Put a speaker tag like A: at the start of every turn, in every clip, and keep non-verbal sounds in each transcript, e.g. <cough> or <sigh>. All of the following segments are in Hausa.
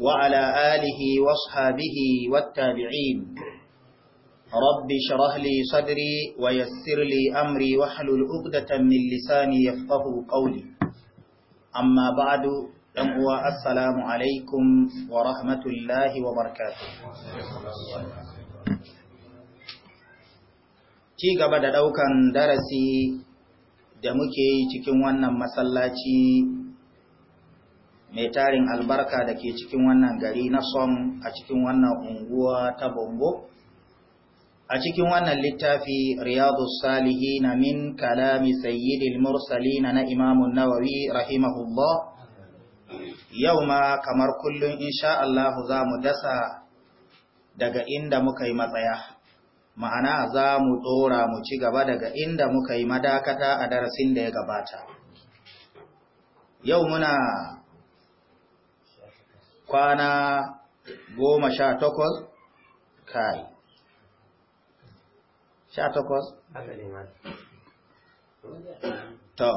A: وعلى آله واصحابه والتابعين رب شرح لي صدري ويسر لي أمري وحلل أقدة من لساني يفقه قولي أما بعد أموى السلام عليكم ورحمة الله وبركاته ci gaba da ɗaukan darasi da muke yi cikin wannan masallaci mai tarin albarka da ke cikin wannan gari na son a cikin wannan unguwa ta bongo a cikin wannan littafi riyadu salihi na min kalami sayyidil mursalina na imamun nawawi rahimahullah yau ma kamar kullum insha Allah za mu dasa daga inda muka yi matsaya ma'ana za mu ɗora mu ci gaba daga inda muka yi madakata a darasin da ya gabata yau muna kwana goma sha takwas kai sha takwas? to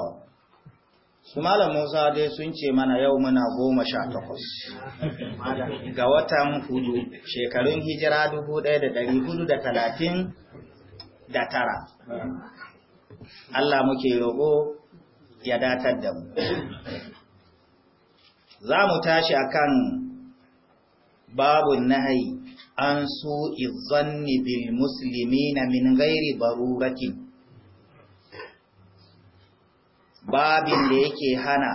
A: su malam musa dai sun ce mana yau muna goma sha takwas ga watan hudu shekarun hijira dubu ɗaya da ɗari hudu da talatin da tara Allah muke roƙo ya datar da mu za mu tashi akan babu nahi an su izanni bil muslimina min gairi baruratin babin da yake hana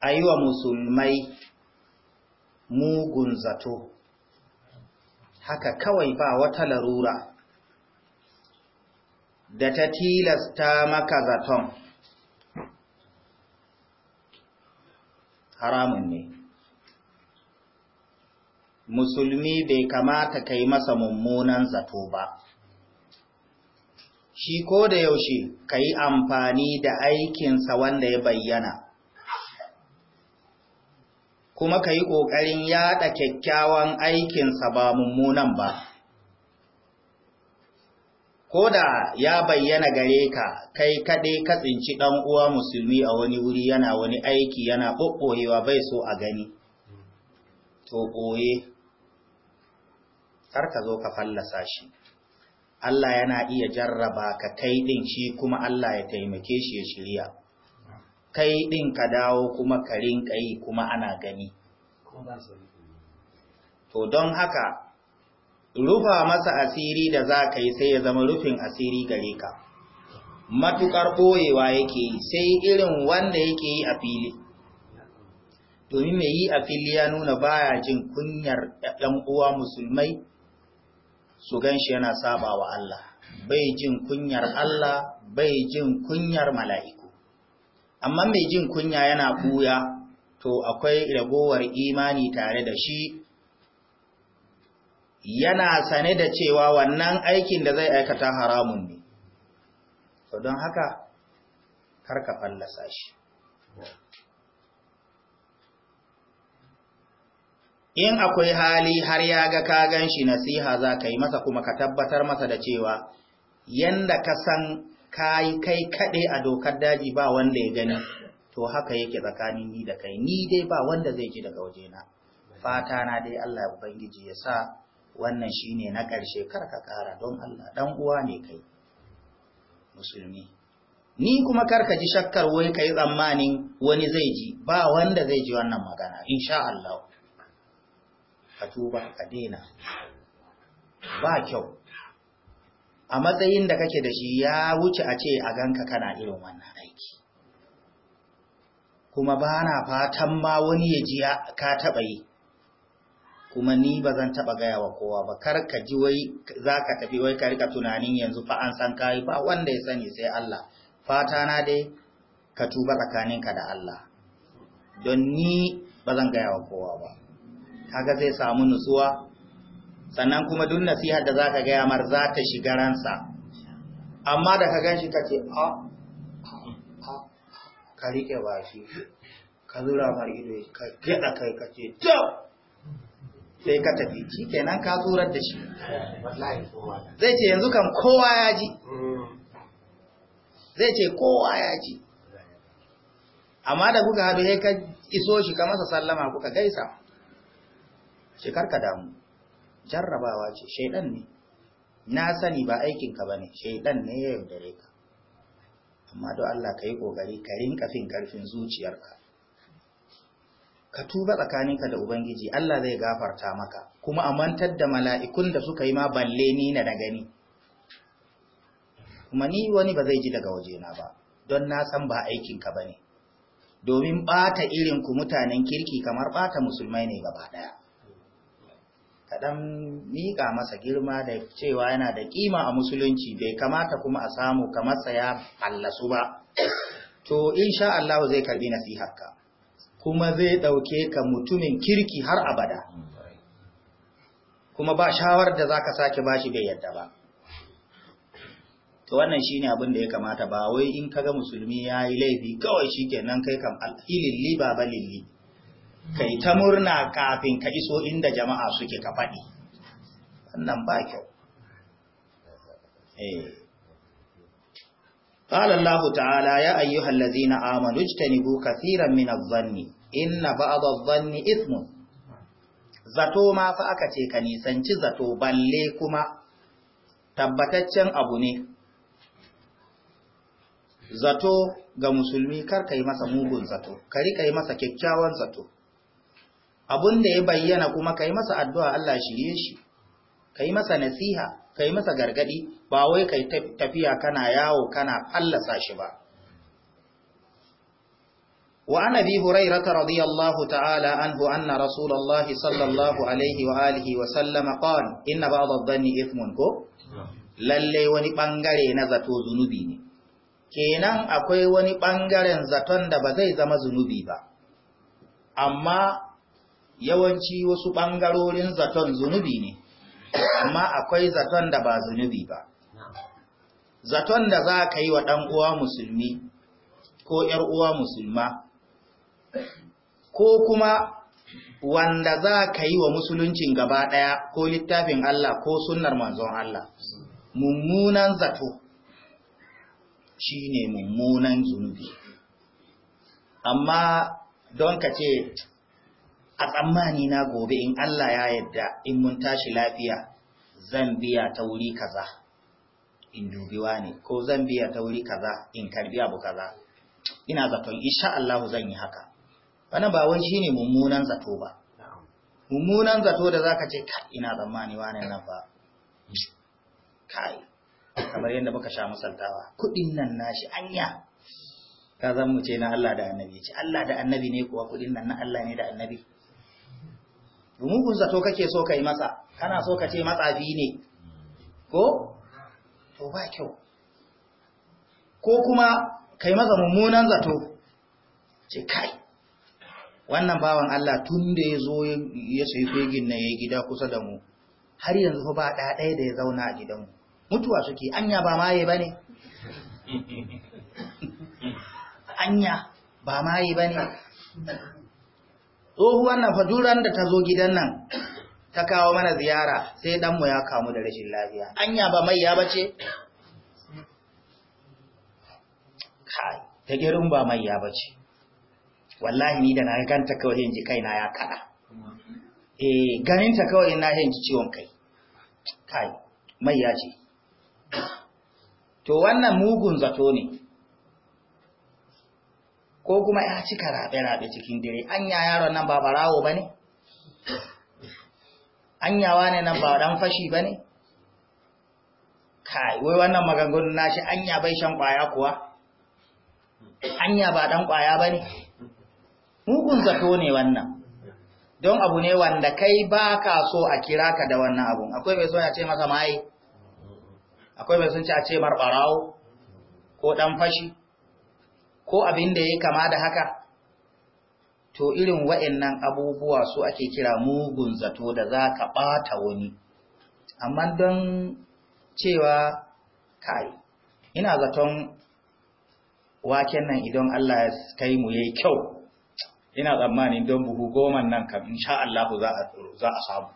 A: a yi wa musulmai mugun zato haka kawai ba wata larura da ta tilasta maka zaton haramun ne musulmi bai kamata kai masa mummunan zato ba. Shi ko da yaushe ka yi amfani da aikinsa wanda ya bayyana, kuma ka yi ƙoƙarin yaɗa kyakkyawan aikinsa ba mummunan ba. Ko da ya bayyana gare ka, kai kaɗai ka tsinci ɗan uwa musulmi a wani wuri yana wani aiki yana ɓoɓɓoyewa bai so a gani, to ɓoye. kar ka zo ka fallasa shi Allah yana iya jarraba ka kai ɗin shi kuma Allah ya taimake shi ya shirya kai ɗin ka dawo kuma ka rinka yi kuma ana gani to don haka rufa masa asiri da za ka yi sai ya zama rufin asiri gare ka matuƙar ɓoyewa yake yi sai irin wanda yake yi a fili domin mai yi a fili ya nuna baya jin kunyar ɗan uwa musulmai su ganshi yana saba wa Allah bai jin kunyar Allah bai jin kunyar mala'iku amma mai jin kunya yana buya to akwai ragowar imani tare da shi yana sane da cewa wannan aikin da zai aikata haramun ne don haka karka fallasa shi in akwai hali har ya ga ka gan shi nasiha za ka yi masa kuma ka tabbatar masa da cewa yanda ka san ka yi kai kaɗe a dokar daji ba wanda ya gani to haka yake tsakanin ni da kai ni dai ba wanda zai ji daga wajena fata na dai Allah ya ubangiji ya sa wannan shine na ƙarshe kar ka ƙara don Allah dan uwa ne kai musulmi ni kuma kar ka ji shakkar wai kai tsammanin wani zai ji ba wanda zai ji wannan magana insha Allah Ka tuba a daina ba kyau a matsayin da kake da shi ya wuce a ce a ganka kana irin wannan aiki kuma ba na fatan ma wani ya ji ka taɓa yi kuma ni ba zan taɓa gaya wa kowa ba kar ka ji wai za ka tafi wai ka rika tunanin yanzu fa an san kayi ba wanda ya sani sai Allah fata na dai ka tuba tsakaninka da Allah don ni ba zan gaya wa kowa ba kaga zai samu nutsuwa sannan kuma duk nasihar da zaka gaya mar za ta shiga ransa amma da ka ganshi kace a ka rike bashi ka zura mar ido ka gida kai kace to sai ka tafi shikenan ka zurar da shi zai ce yanzu kan kowa ya ji zai ce kowa ya ji amma da kuka haɗu sai ka iso shi ka masa sallama kuka gaisa ce karka damu jarrabawa ce shaidan ne na sani ba aikinka ba ne shaidan ne ya yaudare ka amma don Allah ka yi ƙoƙari ka rinka fin ƙarfin zuciyarka ka tuba tsakaninka da Ubangiji Allah zai gafarta maka kuma a mantar da mala'ikun da suka yi ma balle ni na da gani kuma ni wani ba zai ji daga wajena ba don na san ba aikinka ba ne domin ɓata irinku mutanen kirki kamar ɓata musulmai ne gaba ɗaya ka mika miƙa masa girma da cewa yana da kima a musulunci bai kamata kuma a samu kamar sa ya fallasu ba to insha Allah zai karbi nasiharka kuma zai ɗauke ka mutumin kirki har abada kuma ba shawar da za zaka sake bashi bai yadda ba to wannan shine abin da ya kamata ba wai in kaga musulmi yayi laifi kawai shikenan kai kam alhililli ba balilli kai ta murna kafin ka iso inda jama'a suke ka faɗi wannan ba kyau قال الله تعالى يا أيها الذين آمنوا اجتنبوا كثيرا من الظن إن بعض الظن إثم zato ma fa aka ce ka nisanci zato balle kuma tabbataccen abu ne zato ga musulmi kar ka yi masa mugun zato ka rika masa kyakkyawan zato abun da ya bayyana kuma yi masa addu'a Allah shirye shi kai masa nasiha kai masa gargadi ba wai kai tafiya kana yawo kana fallasa shi ba وعن ابي ta'ala رضي الله تعالى عنه ان رسول الله صلى الله عليه واله وسلم قال ان بعض الظن اثم ko Lallai wani bangare na zato zunubi ne kenan akwai wani ɓangaren zaton da ba zai zama zunubi ba amma yawanci wasu ɓangarorin zaton zunubi ne, amma akwai zaton da ba zunubi ba. Zaton da za ka yi wa uwa musulmi ko uwa musulma, ko kuma wanda za ka yi wa musuluncin gaba ɗaya ko littafin Allah ko sunnar manzon Allah, mummunan zato shi ne mummunan zunubi. Amma don ka ce a tsammani na gobe in Allah ya yadda in mun tashi lafiya zan biya ta wuri kaza in dubiwa ne ko zan biya ta wuri kaza in karbi abu kaza ina zaton insha Allah zan yi haka wannan ba wai shine mummunan zato ba mummunan zato da zaka ce ka, ina tsammani wani nan ba kai kamar yadda muka sha musaltawa kudin nan nashi anya ka zan mu ce na Allah da annabi ce Allah da annabi ne kuwa kudin nan na Allah ne da annabi mugun zato kake so ka yi masa kana so ka ce matsafi ne ko to ba kyau ko kuma kai maza mummunan zato ce kai wannan bawan Allah tun da ya zo ya sai fegin na ya gida kusa da mu har yanzu ba ɗaya da ya zauna a mu. mutuwa suke anya ba maye ba ne <laughs> anya ba maye ba ne tsohuwan na faduran da ta zo gidan nan ta kawo mana ziyara sai ɗanmu ya kamu da rashin lafiya anya ba mai ya bace kai ta girin ba mai ya bace wallahi ni da na ganta kawai yin ji kaina ya kada eh ganinta kawai na yanki ciwon kai kai mai ya ce to wannan mugun zato ne ko kuma ya cika rabe-rabe cikin dare anya yaron nan ba barawo ba ne anyawa ne nan ba dan fashi ba ne kai wai wannan maganganun nashi anya bai shan kwaya kuwa anya ba dan kwaya ba ne mugun zato ne wannan don abu ne wanda kai ba ka so a kira ka da wannan abun akwai mai so ya ce masa mai akwai mai sun ce a ce mar barawo ko dan fashi ko abin da ya kama da haka to irin wa'annan abubuwa su ake kira mugun zato da za ka ɓata wani amma don cewa kai ina zaton waken nan idan Allah ya kai mu yayi kyau ina tsammanin don buhu goma nan kam insha Allah za a samu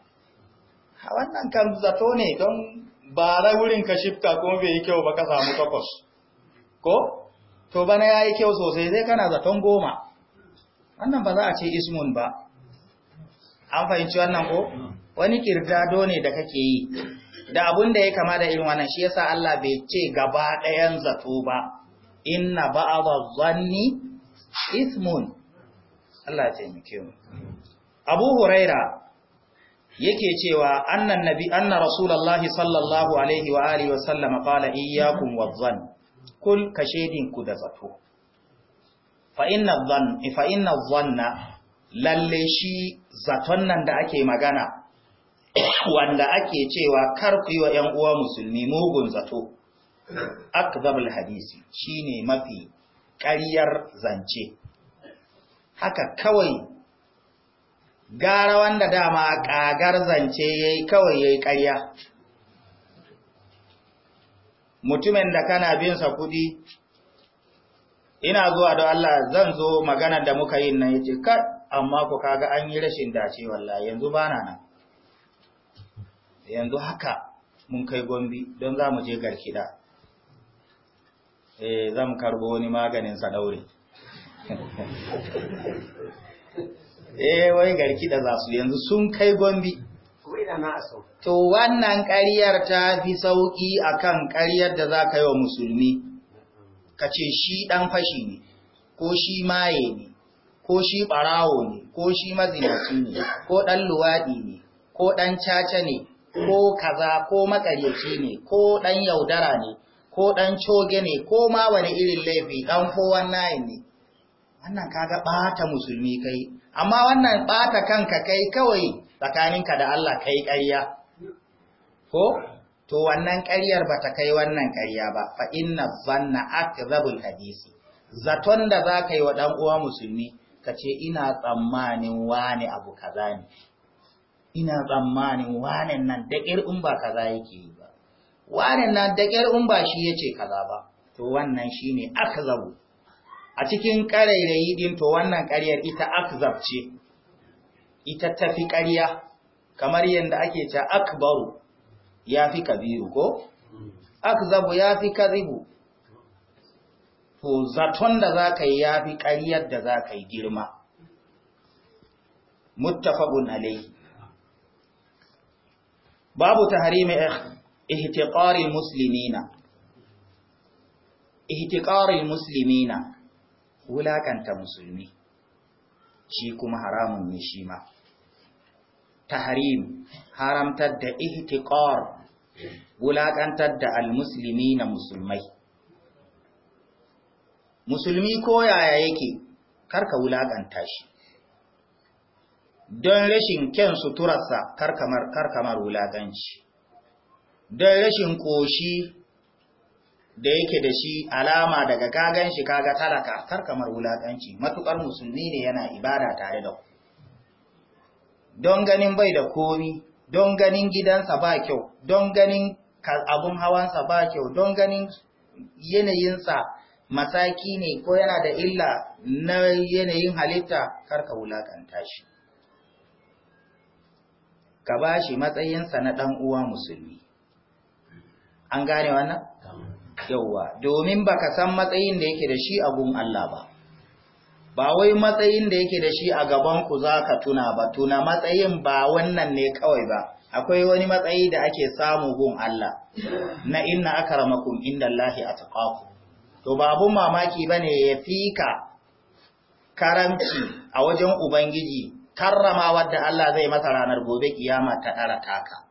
A: a wannan kan zato ne don ba rai wurin ka shifta kuma bai yi kyau ba ka samu takwas ko to bana ya yi kyau sosai sai kana zaton goma wannan ba za a ce ismun ba an fahimci wannan ko wani kirgado ne da kake yi da abun da ya kama da irin wannan shi yasa Allah bai ce gaba ɗayan zato ba inna ba'adha zanni ismun Allah ya taimake mu Abu Huraira yake cewa annan nabi anna rasulullahi sallallahu alaihi wa alihi wa sallama qala iyyakum wadh-dhann kul ka ku da zato fa'inna zanna lalle shi zaton nan da ake magana <coughs> wanda ake cewa ku yi wa ‘yan uwa musulmi mugun zato akzabul hadisi Shi ne mafi ƙaryar zance haka kawai gara wanda dama ƙagar zance yayi kawai yayi ƙarya mutumin da kana bin sa kudi ina zuwa da Allah zan zo magana da muka yi nan yace kad amma ku kaga an yi rashin dace wallahi yanzu bana nan yanzu haka mun kai gombi don za mu je garkida eh zan karbo wani maganin sa daure <laughs> eh wai garkida za su yanzu sun kai gombi kana a To wannan ƙaryar ta fi sauƙi a kan ƙaryar da za ka yi wa musulmi, ka ce shi ɗan fashi ne, ko shi maye ne, ko shi ɓarawo ne, ko shi mazinaci ne, ko ɗan luwaɗi ne, ko ɗan caca ne, ko kaza ko makaryaci ne, ko ɗan yaudara ne, ko ɗan coge ne, ko ma wani irin laifi ɗan kowan nayin ne. Wannan kaga ɓata musulmi kai, amma wannan ɓata kanka kai kawai tsakaninka da Allah kai ƙarya ko to wannan ƙaryar ba ta kai wannan ƙarya ba fa inna zanna akzabul hadisi zaton da za ka yi wa ɗan uwa musulmi ka ce ina tsammanin wane abu kaza ne ina tsammanin wane nan daƙir in ba kaza yake yi ba wane nan daƙir in ba shi yace kaza ba to wannan shine akzabu a cikin ƙarairayi din to wannan ƙaryar ita akzab ce ita tafi ƙarya kamar yadda ake ce akbaru ya fi kabiru ko akzabu ya fi kazibu to zaton da za ka yi ya fi ƙaryar da za ka yi girma muttafagun alaihi babu ta mai ihtiqaril musulmina ihtiqaril musulmina wulakanta musulmi shi kuma haramun ne shi ma tahrim haramtar da ihtiqar wulaƙantar da almuslimi na musulmai musulmi ko yaya yake karka shi don rashin kyan suturarsa karkamar karkamar wulaƙanci. don rashin ƙoshi da yake da shi alama daga kagan shi kaga talaka karkamar wulakanci matuƙar musulmi ne yana ibada tare da ku don ganin bai da komi don ganin gidansa ba kyau don ganin abun hawansa ba kyau don ganin yanayinsa masaki ne ko yana da illa na yanayin halitta karka wulakanta shi ka ba shi matsayinsa na ɗan uwa musulmi an gane wannan yauwa domin baka san matsayin da yake da shi abun Allah ba ba wai matsayin da yake da shi a gaban ku za ka tuna ba tuna matsayin ba wannan ne kawai ba akwai wani matsayi da ake samu gun Allah na inna akramakum indallahi atqakum to babu mamaki bane ya fika karanci a wajen ubangiji karrama wadda Allah zai masa ranar gobe kiyama ta dara taka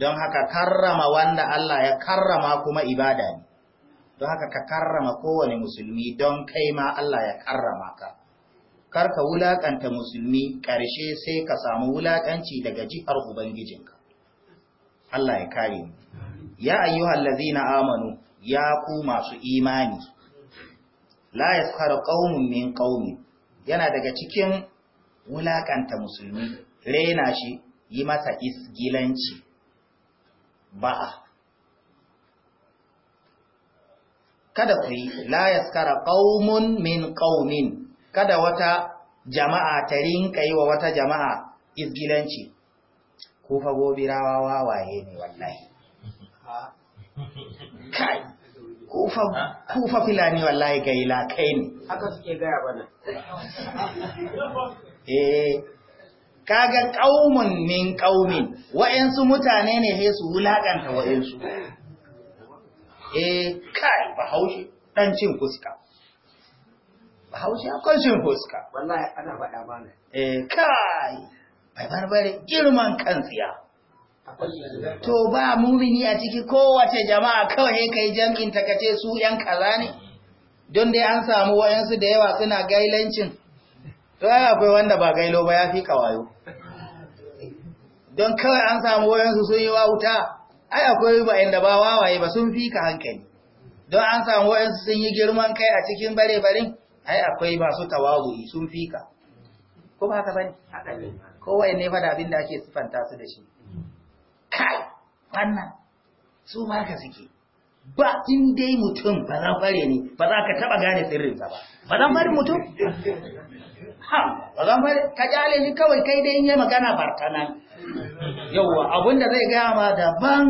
A: don haka karrama wanda Allah ya karrama kuma ibada ne don haka ka karrama kowane musulmi don kai ma Allah ya karrama ka kar ka wulaƙanta musulmi ƙarshe sai ka samu wulakanci daga jihar ubangijinka Allah ya kare mu ya ayyuhal ladzina amanu ya ku masu imani la yaskharu qaumun min qaumi yana daga cikin wulaƙanta musulmi rena shi yi masa isgilanci ba'a kada ku yi la yaskara qaumun min qaumin kada wata jama'a ta rinka yi wa wata jama'a izgilanci ku fa gobirawa wawaye ne wallahi <laughs> kai kufa fa filani wallahi gaila kai ne haka suke gaya bana <laughs> eh kaga qaumun min qaumin wa'ansu mutane ne sai su wulakanta wa'ansu eh kai bahaushe dan cin fuska bahaushe akwai cin fuska wallahi ana faɗa mana eh kai bai barbare girman kansiya to ba mumini a ciki kowace jama'a kawai kai jam'in ta kace su yan kaza ne don dai an samu wayansu da yawa suna gailancin to ai akwai wanda ba gailo ba ya fi kawayo don kawai an samu wayansu sun yi wa wuta? ai akwai da ba wawaye ba sun fi ka hankali don an samu wa'ansu sun yi girman kai a cikin bare barin ai akwai masu tawazu'i sun fi ka ko ba ka bane kowai ne fada abin da ake sifanta su da shi kai wannan su ma ka suke ba in dai mutum ba za fare ne ba za ka taba gane sirrinsa ba ba za fare mutum ha ba za fare ka kyale ni kawai kai dai in yi magana barkana. yawwa abinda zai gaya ma daban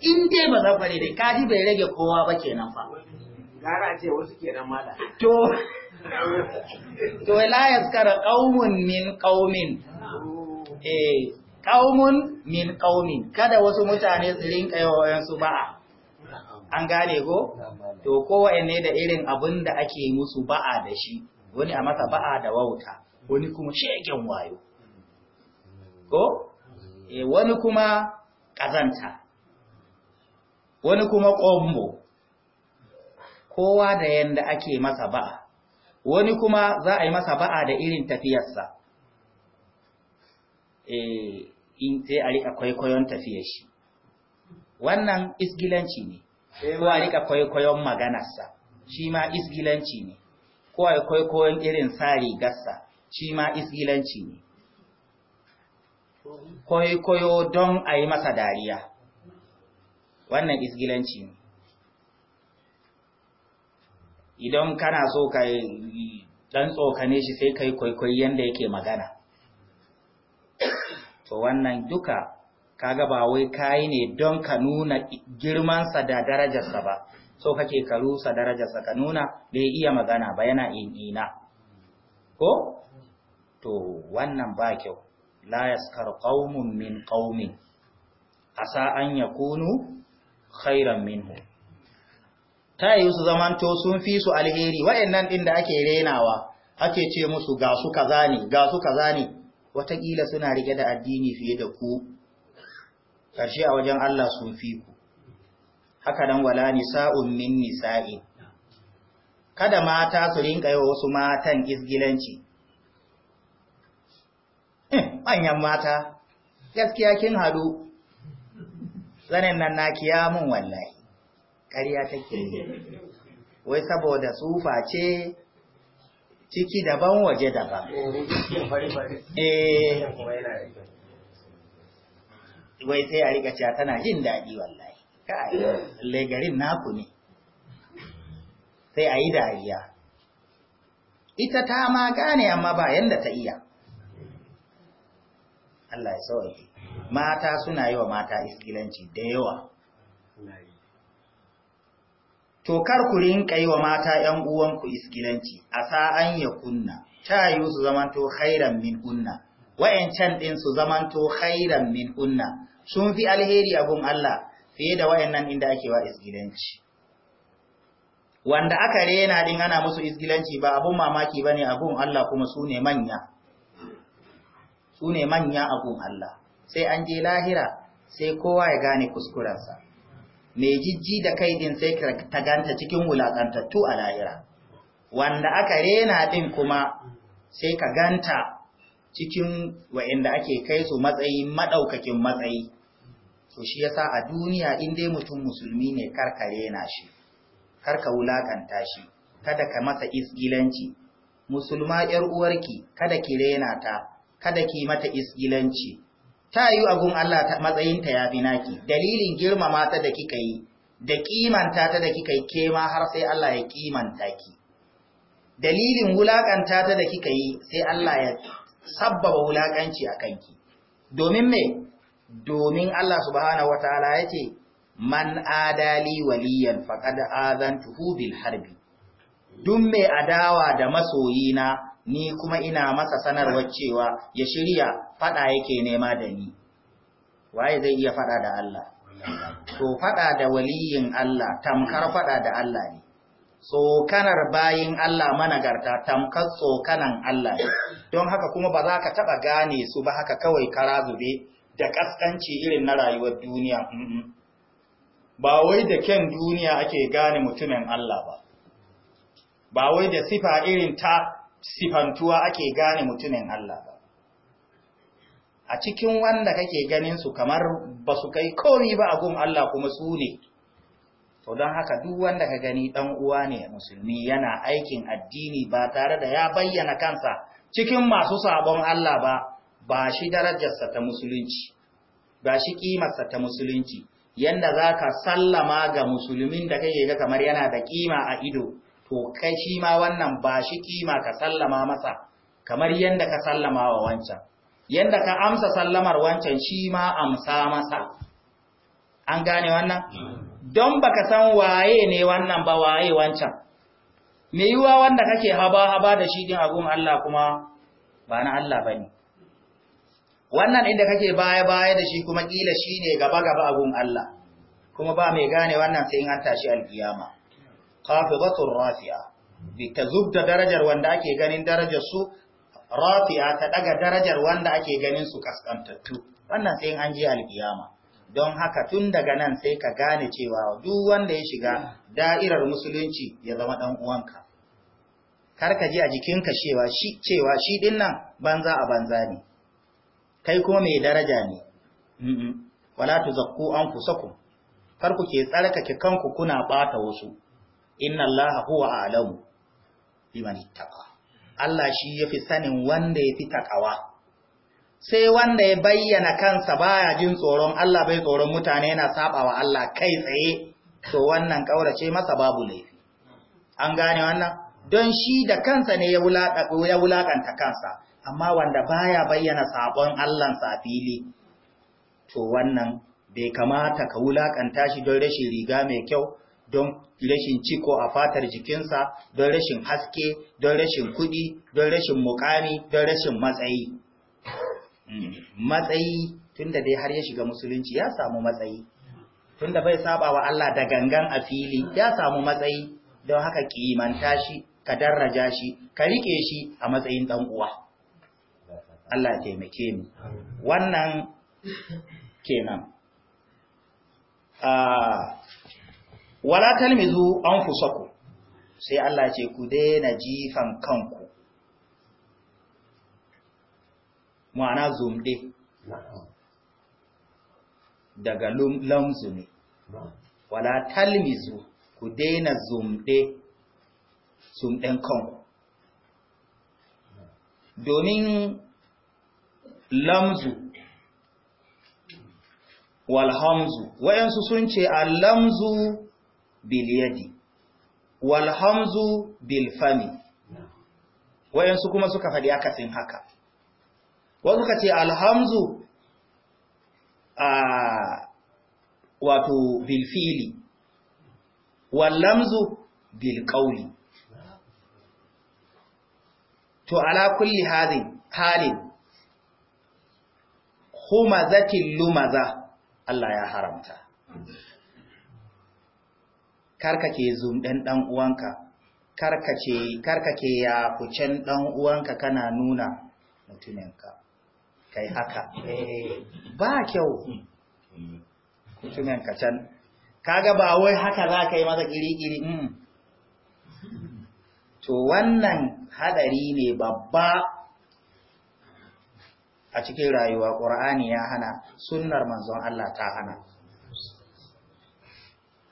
A: in dai ba za fare dai kaji bai rage kowa ba kenan fa gara ce wasu kenan mala to to la yaskara qaumun min qaumin eh qaumun min qaumin kada wasu mutane su rinka yawayan su ba'a an gane go, to kowa ne da irin abin da ake musu ba'a da shi wani a masa ba'a da wauta wani kuma shegen wayo ko Eh wani kuma ƙazanta wani kuma ƙombo kowa da yanda ake masa ba'a wani kuma za a yi masa ba'a da irin tafiyarsa eh in sai a riƙa kwaikwayon tafiyar shi wannan isgilanci ne ko a riƙa kwaikwayon maganarsa shi ma isgilanci ne ko a kwaikwayon irin sa rigarsa shi ma isgilanci ne kwaikwayo don a yi masa dariya wannan isgilanci ne idan kana so ka dan tsokane shi sai kai kwaikwayi yanda yake magana to wannan duka kaga ba wai kayi ne don ka nuna girmansa da darajarsa ba so kake ka rusa darajarsa ka nuna bai iya magana ba yana in'ina ko to wannan ba kyau la yaskar qaumun min qaumin asa an yakunu khairan minhu ta yi su zamanto sun fi su alheri waɗannan din da ake rainawa? ake ce musu ga su kaza ne ga suna rike da addini fiye da ku karshe a wajen Allah sun fi ku haka dan wala nisa'un min nisa'i kada mata su rinka yi wasu matan izgilanci manyan mata gaskiya kin haɗu. zanen nan na kiya mun wallahi ƙarya take yi wai saboda tsufa ce ciki daban waje daban eh wai sai a riga cewa tana jin daɗi wallahi kai legarin naku ne sai a yi dariya ita ta ma gane amma ba yanda ta iya Allah ya sauke mata suna yi wa mata iskilanci da yawa to kar ku rinka yi wa mata ƴan uwanku iskilanci a sa'an ya kunna ta yi su zamanto khairan min kunna wa'yancan ɗin su zamanto khairan min kunna sun fi alheri abun Allah fiye da wa'yannan inda ake wa isgilanci. Wanda aka rena din ana musu isgilanci ba abun mamaki bane abun Allah kuma sune manya. su ne manya abun Allah sai an je lahira sai kowa ya gane kuskurensa mai jijji da kai din sai ta ganta cikin wulakantattu a lahira wanda aka rena din kuma sai ka ganta cikin wa'inda ake kai su matsayi maɗaukakin matsayi to shi yasa a duniya in dai mutum musulmi ne karka rena shi karka wulakanta shi kada ka masa isgilanci musulma yar uwarki kada ki rena ta kada ki mata isgilanci ta yi gun Allah matsayinta ya fi naki dalilin girmama ta da kika yi da kimanta ta da kika yi kema har sai Allah ya kimanta ki dalilin wulakanta ta da kika yi sai Allah ya sabbaba wulakanci a kanki domin me domin Allah subhanahu wataala ce. man adali waliyan faqad azantuhu bil harbi duk mai adawa da masoyina ni kuma ina masa sanarwar cewa ya shirya fada yake nema da ni waye zai iya fada da Allah to fada da waliyin Allah tamkar fada da Allah ne tsokanar bayin Allah managarta tamkar tsokanan Allah ne don haka kuma ba za ka taba gane su ba haka kawai kara zube da kaskanci irin na rayuwar duniya ba wai da kyan duniya ake gane mutumin Allah ba ba wai da sifa irin ta sifantuwa ake gane mutumin Allah ba a cikin wanda kake ganin su kamar ba su kai komi ba a gun Allah kuma su ne to don haka duk wanda ka gani dan uwa ne musulmi yana aikin addini ba tare da ya bayyana kansa cikin masu sabon Allah ba ba shi darajarsa ta musulunci ba shi kimarsa ta musulunci yanda zaka sallama ga musulmin da kake ga kamar yana da ƙima a ido to kai shi ma wannan ba shi kima ka sallama masa kamar yanda ka sallama wa wancan yanda ka amsa sallamar wancan shi ma amsa masa an gane wannan don baka san waye ne wannan ba waye wancan me yiwa wanda kake haba haba da shi din agun Allah kuma ba na Allah bane wannan inda kake baya baya da shi kuma kila shine gaba gaba agun Allah kuma ba mai gane wannan sai in an tashi alkiyama qafidatur rafi'a bi da darajar wanda ake ganin darajar su rafi'a ta daga darajar wanda ake ganin su kaskantattu wannan sai an ji alkiyama don haka tun daga nan sai ka gane cewa duk wanda ya shiga da'irar musulunci ya zama dan uwanka kar ka ji a jikinka cewa shi cewa shi din banza a banza ne kai kuma mai daraja ne wala tuzakku anfusakum kar ku ke tsarkake kanku kuna bata wasu inna Allah huwa a'lamu liman ittaqa Allah shi yafi sanin wanda yafi takawa sai wanda ya bayyana kansa baya jin tsoron Allah bai tsoron mutane yana sabawa Allah kai tsaye to wannan kaurace masa babu laifi an gane wannan don shi da kansa ne ya wulakanta kansa amma wanda baya bayyana sabon Allah sa fili to wannan bai kamata ka wulakanta shi don rashin riga mai kyau don rashin ciko a fatar jikinsa don rashin haske don rashin kuɗi don rashin mukami don rashin matsayi mm. matsayi tunda dai har ya shiga musulunci ya samu matsayi tunda bai saba wa Allah da gangan a fili ya samu matsayi don haka kimanta shi ka darraja shi ka rike shi a matsayin dan uwa Allah taimake mu wannan kenan a ah, wala talmizu anfusakum sai Allah ce ku daina jifan kanku ma'ana zumde daga lamzu ne wala talmizu ku daina zumde zumden kanku domin lamzu walhamzu wayansu sun ce a lamzu biliyadi walhamzu bilfami wayansu kuma suka faɗi akasin haka wasu ka ce alhamzu a wato bilfili wallamzu bilƙauli to ala kulli halin, halin zakin lumaza Allah ya haramta ke zumɗen ɗan uwanka karkace ke ya kucen ɗan uwanka kana nuna mutuminka kai haka eh. ba kyau hmm. mutuminka can kaga ba wai haka za ka yi ƙiri-ƙiri? Hmm. to wannan hadari ne babba a cikin rayuwa ƙur'ani ya hana sunnar manzon Allah ta hana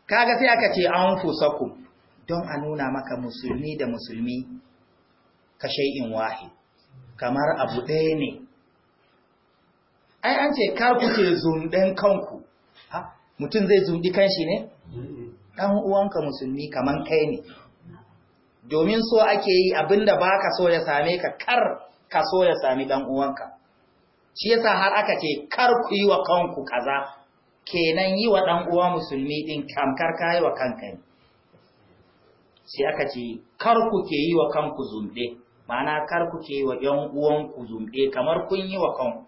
A: kaga sai aka ce an fusaku don a nuna maka musulmi da musulmi ka shay'in wahi kamar abu ɗaya ne ai an ce ka kuke zumɗen kanku ha mutum zai zumɗi kanshi ne dan uwanka musulmi kaman kai ne domin so ake yi abinda baka so ya same ka kar ka so ya sami dan uwanka shi yasa har aka ce kar ku yi wa kanku kaza kenan yi wa ɗan uwa musulmi ɗin kamkar kayi wa kanka ne sai aka ce kar ke yi wa kanku zumɗe mana kar ke yi wa zumɗe kamar kun yi wa kanku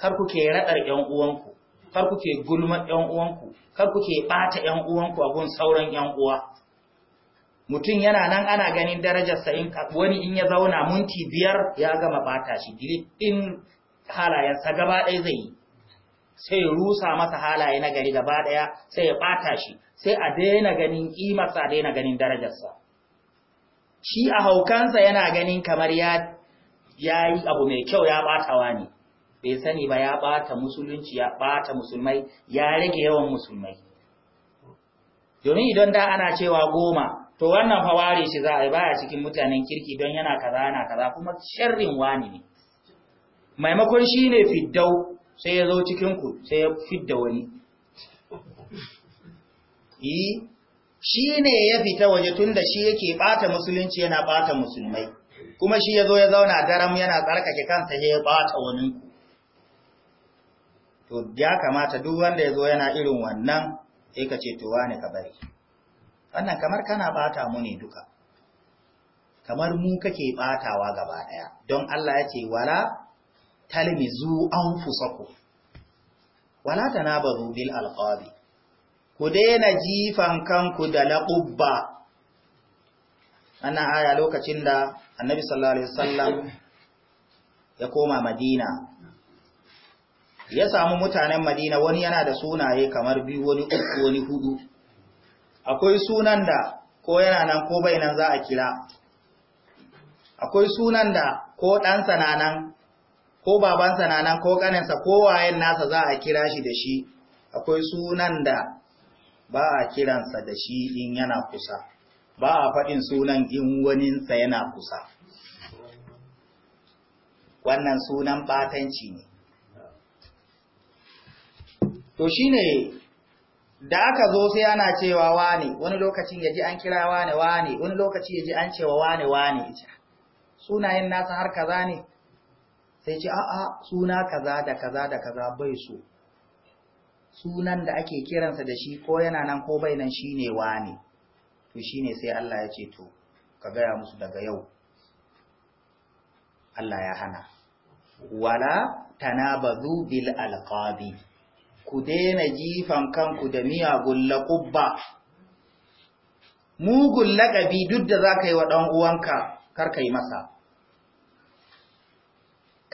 A: kar ke raɗar 'yan'uwanku, uwanku kar ke gulma 'yan'uwanku, uwanku kar ke ɓata 'yan'uwanku uwanku a gun sauran ‘yan uwa mutum yana nan ana ganin darajarsa in wani in ya zauna minti biyar ya gama ɓata shi ɗin halayensa gaba ɗaya zai yi sai ya rusa masa halaye na gari gaba daya sai ya bata shi sai a daina ganin kimarsa a daina ganin darajarsa shi a haukansa yana ganin kamar ya yayi abu mai kyau ya batawa ne bai sani ba ya bata musulunci ya bata musulmai ya rage yawan musulmai domin idan da ana cewa goma to wannan faware shi za a yi baya cikin mutanen kirki don yana kaza yana kaza kuma sharrin wani ne maimakon shi ne fiddau sai ya zo cikinku sai ya fidda wani yi shi ne ya fita waje tunda shi yake bata musulunci yana bata musulmai kuma shi ya zo ya zauna daram yana tsarkake kansa ya bata wani to ya kamata duk wanda ya zo yana irin wannan sai ka ce to wani ka bari wannan kamar kana bata mu ne duka kamar mu kake batawa gaba daya don Allah ya ce wala talmizu anfusakum wala tanabaru bil alqabi ku daina jifan kanku da laqubba ana aya lokacin da annabi sallallahu alaihi wasallam ya koma madina ya samu mutanen madina wani yana da sunaye kamar biyu wani uku wani hudu akwai sunan da ko yana nan ko bai nan za a kira akwai sunan da ko ɗansa na nan ko babansa na nan ko ƙaninsa ko wayen nasa za a kira shi da shi akwai sunan da ba a kiransa da shi in yana kusa ba a faɗin sunan in waninsa yana kusa wannan sunan batanci ne to shine da aka zo sai ana cewa wane wani lokacin yaji an kira wane wane wani lokaci yaji an cewa wane wane ita sunayen nasa har kaza ne sai ce a'a suna kaza da kaza da kaza bai so sunan da ake kiransa da shi ko yana nan ko bai nan shine wane to shine sai Allah ya ce to ka gaya musu daga yau Allah ya hana wala tanabazu bil alqabi ku daina jifan kanku da miyagun laƙubba mugun laƙabi duk da za ka yi wa ɗan uwanka kar ka yi masa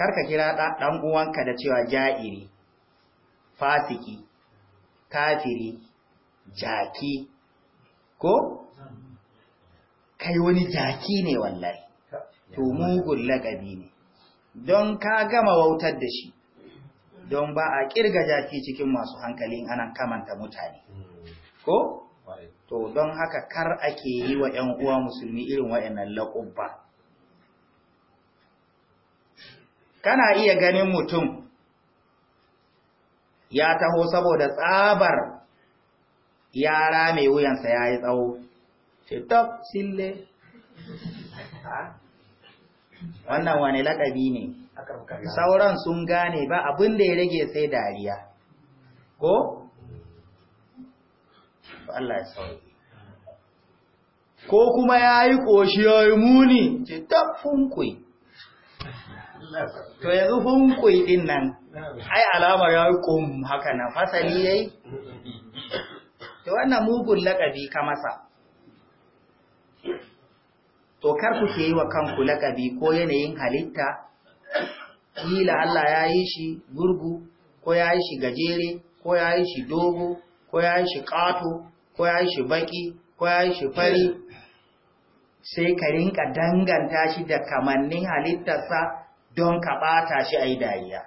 A: karka kira ɗan uwanka da cewa ja'iri fasiki kafiri jaki ko kai wani jaki ne wallahi to mugun lakabi ne don ka gama wautar da shi don ba a kirga jaki cikin masu hankalin ana kamanta mutane ko to don haka kar ake yi wa 'yan uwa musulmi irin waɗannan laƙubba kana iya ganin mutum ya taho saboda tsabar yara mai wuyansa ya yi tsawo fitok sille wannan wani lakabi ne sauran sun gane ba abin da ya rage sai dariya ko? Allah ya ko kuma ya yi ƙoshi ya yi muni ce tafin to yanzu hunkui din nan ai alamar ya kum haka nan fasali yayi to wannan mugun lakabi ka masa to kar ku ke yi wa kanku lakabi ko yanayin halitta kila Allah ya yi shi gurgu ko ya yi shi gajere ko ya yi shi dogo ko ya yi shi ƙato ko ya yi shi baki ko ya yi shi fari sai ka rinka danganta shi da kamannin halittarsa don ka ɓata shi a yi dariya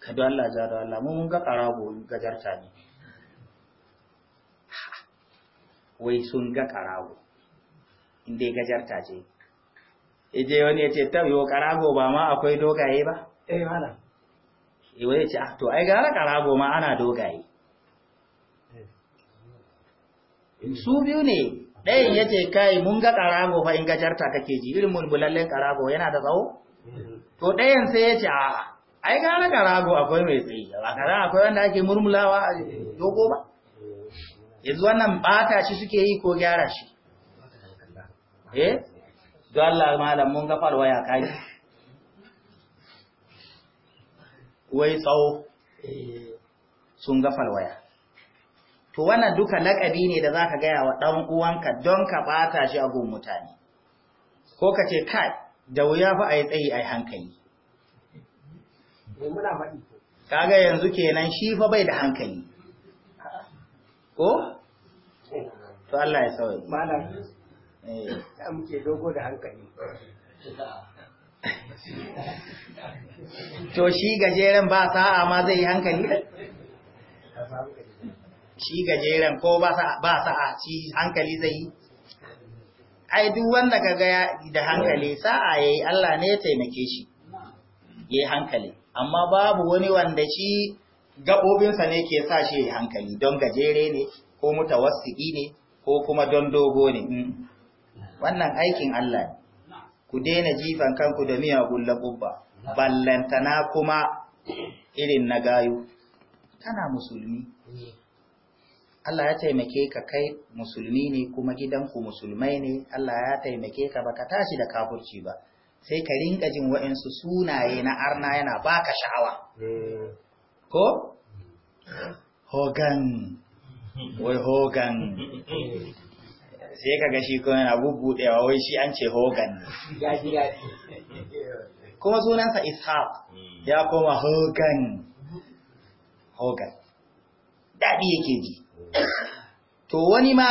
A: Kadu Allah ja da Allah mun ga ƙarago gajarta ne <laughs> wai sun ga ƙarago inda ya gajarta ce ije wani ya ce ƙara ƙarago ba ma akwai dogaye ba eh mana eh, Iwe ya ce ah, to ai gara ƙarago ma ana dogaye eh. su biyu ne ɗayan ya ce kai mun ga ƙarago fa in gajarta kake ji irin mulmulallen ƙarago yana da tsawo mm-hmm. to ɗayan sai ya ce a'a ai gane ƙarago akwai mai tsayi ba kaza akwai wanda ake murmulawa a mm-hmm. dogo ba mm-hmm. yanzu wannan bata shi suke yi ko gyara shi eh, eh? don Allah malam mun ga falwaya kai wai tsawo eh. sun ga falwaya to wannan duka lakabi ne da zaka gaya wa dan uwanka don ka bata shi a gun mutane ko ka ce kai da wuya fa ai tsayi ai hankali kaga yanzu kenan shi fa bai da hankali ko to Allah ya sauya malam eh da muke dogo da hankali to shi gajeren ba sa'a ma zai yi hankali shi gajeren ko ba sa'a shi hankali zai yi ai duk wanda ka ga da hankali sa'a yayi Allah ne ya taimake shi yayi hankali amma babu wani wanda shi sa ne ke sa shi hankali don gajere ne ko mutawassidi ne ko kuma don dogo ne mm. wannan aikin Allah ne ku daina jifan kanku da miya gulla laɓuɓɓa ballantana kuma irin na gayu kana musulmi Allah ya taimake ka kai musulmi ne kuma gidanku musulmai ne Allah ya taimake ka baka tashi da kafurci ba sai ka rinka jin wa'insu sunaye na arna yana baka sha'awa ko hogan wai hogan sai ka ga shi kuma yana bubbudewa wai shi an ce hogan kuma sunansa ishaq ya koma hogan hogan daɗi yake ji to wani ma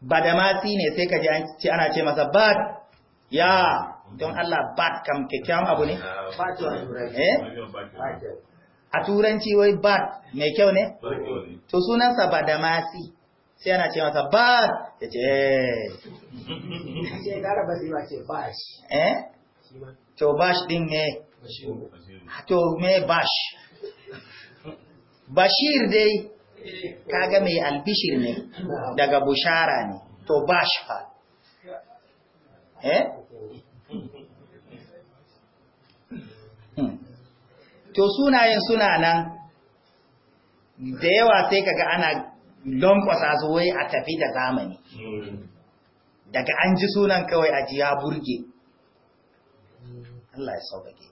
A: badamasi ne sai ka ji ana ce masa bad ya don Allah bad kam kyakkyawan abu ne? Eh? a turanci wai bad mai kyau ne? to sunansa badamasi sai ana ce masa bad ya ce eh, eh? to bash din ne to me bash bashir dai kaga mai albishir ne daga bushara ne to ba shi eh hmm. to sunayen suna nan da yawa sai kaga ana lankwasa su wai a tafi da zamani daga an ji sunan kawai a ji burge Allah ya sauƙaƙe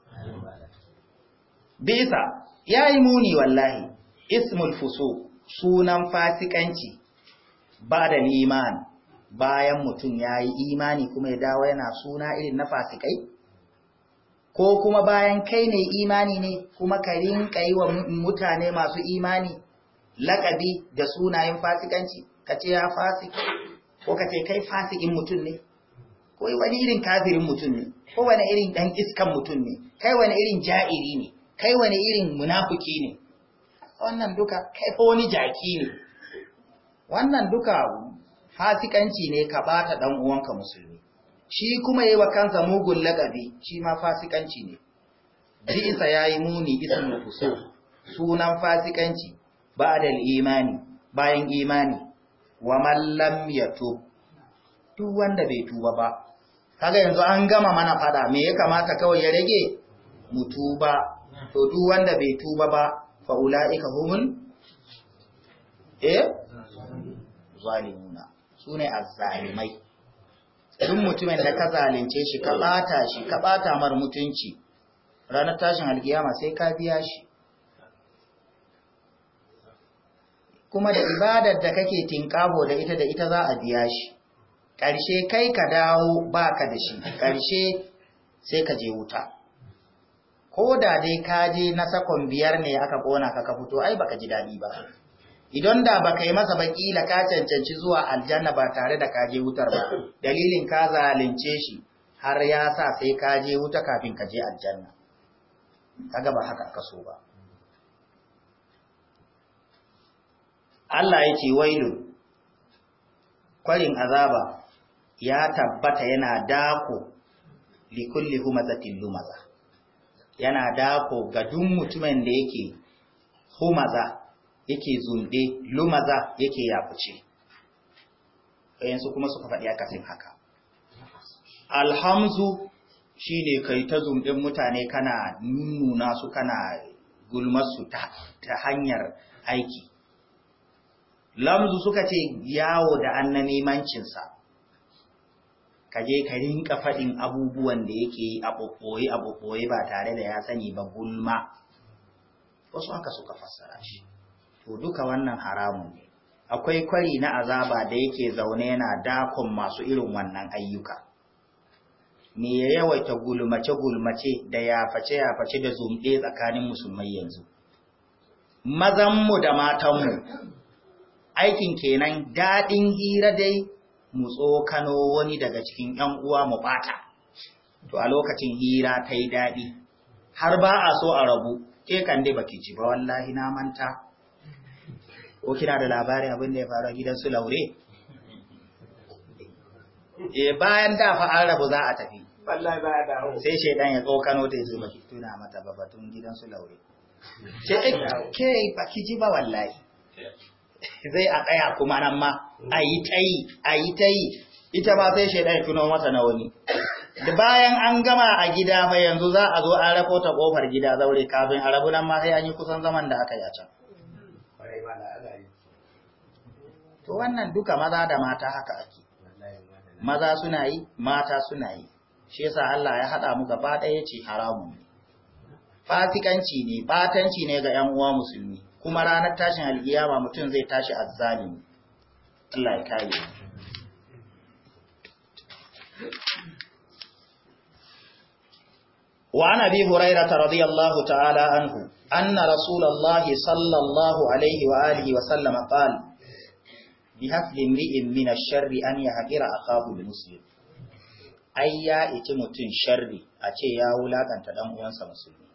A: bisa ya yi muni wallahi ismul fusuq sunan fasikanci ba da iman bayan mutum ya yi imani kuma ya dawo yana suna irin na fasikai ko kuma bayan kai ne imani ne kuma ka rinka yi wa mutane masu imani lakabi da sunayen fasikanci ka ce ya fasik ko ka ce kai fasikin mutum ne ko wani irin kafirin mutum ne ko wani irin dan iskan mutum ne kai wani irin ja'iri ne kai wani irin munafuki ne wannan duka kai ko wani jaki ne wannan duka fasikanci ne ka bata dan uwanka musulmi shi kuma yayi wa kansa mugun lakabi shi ma fasikanci ne bisa yayi muni ismul fusuq sunan fasikanci da imani bayan imani wa man lam yatu duk wanda bai tuba ba kaga yanzu an gama mana fada me ya kamata kawai ya rage mu tuba to duk wanda bai tuba ba fa'ula'ika humul eh zalimuna su ne azzalimai duk mutumin da ka zalunce shi ka ɓata shi ka ɓata mar mutunci ranar tashin algiyama sai ka biya shi kuma da ibadar da kake tinkabo da ita da ita za a biya shi ƙarshe kai ka dawo baka da shi ƙarshe sai ka je wuta ko da dai ka je na sakon biyar ne aka kona ka ka fito ai baka ji daɗi ba idan da baka yi masa la ka cancanci zuwa aljanna ba tare da ka je wutar ba dalilin ka zalunce shi har ya sa sai ka je wuta kafin ka je aljanna kaga ba haka aka so ba Allah ya ce wailu kwarin azaba ya tabbata yana dako likulli humazatin lumaza yana dako ga duk mutumin da yake humaza yake zunde lumaza yake yafuce yanzu kuma suka faɗi akasin haka alhamzu shine kai ta zumɗin mutane kana nuna su kana gulmarsu ta, ta hanyar aiki lamzu suka ce yawo da nemancinsa. ka je ka rinka faɗin abubuwan da yake yi a ɓoɓɓoye a ɓoɓɓoye ba tare da ya sani ba gulma wasu haka suka fassara shi to duka wannan haramun ne akwai kwari na azaba da yake zaune yana dakon masu irin wannan ayyuka me ya yawaita gulmace-gulmace da yaface-yaface da zumɗe tsakanin musulmai yanzu mazanmu da matanmu aikin kenan daɗin hira dai mu tsokano wani daga cikin ‘yan uwa mu bata, to a lokacin hira ta yi daɗi, har ba a so a rabu, ke kan dai baki ci ba wallahi na manta, ko kina da labarin abin da ya faru gidan su laure? E bayan dafa an rabu za a tafi, ba sai shaidan ya tsokano ta yi baki tuna mata babatun gidan su laure. Ke baki ji ba wallahi. zai a tsaya kuma nan ma a yi ta yi ita ma sai shaidan tuno mata na wani da bayan an gama a gida mai yanzu za a zo an rako ta kofar gida zaure kafin a rabu nan ma sai an yi kusan zaman da aka yi a can to wannan duka maza da mata haka ake maza suna yi mata suna yi shi yasa Allah ya haɗa mu gaba ɗaya ce haramun fasikanci ne fatanci ne ga 'yan uwa musulmi kuma ranar tashin alkiyama mutum zai tashi azzalimi Allah ya kare wa ana bi hurairah radiyallahu ta'ala anhu anna rasulullah sallallahu alaihi wa alihi wa sallama qala bi hafli imri'in min ash-sharri an yahqira aqabu al-muslim ayya ita mutun sharri a ce ya wulakanta dan uwansa musulmi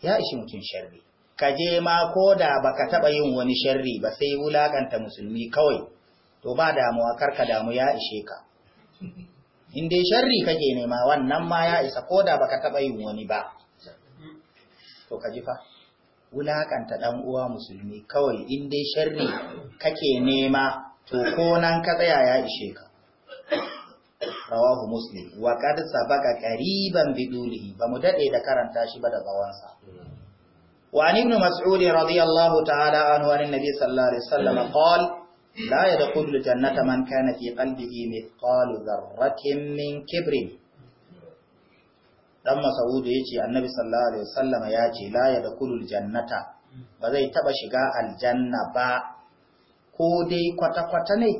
A: ya ishi mutum sharri ka je ma ko da ba ka taɓa yin wani sharri ba sai wulaƙanta musulmi kawai to ba damuwa karka damu ya ishe ka in dai sharri kake nema wannan ma ya isa ko da ba ka taɓa yin wani ba to ka ji fa wulaƙanta ɗan uwa musulmi kawai in dai sharri kake nema to ko nan ka tsaya ya ishe ka rawahu muslim wa qad sabaqa ƙariban bidulihi ba mu daɗe da karanta shi ba da bawansa وعن ابن مسعود رضي الله تعالى عنه عن النبي صلى الله عليه وسلم قال لا يدخل الجنة من كان في قلبه مثقال ذرة من كبر dan Masaudu ya ce annabi sallallahu alaihi wasallam ya ce la ya dakulul jannata ba zai taba shiga aljanna ba ko dai kwata-kwata ne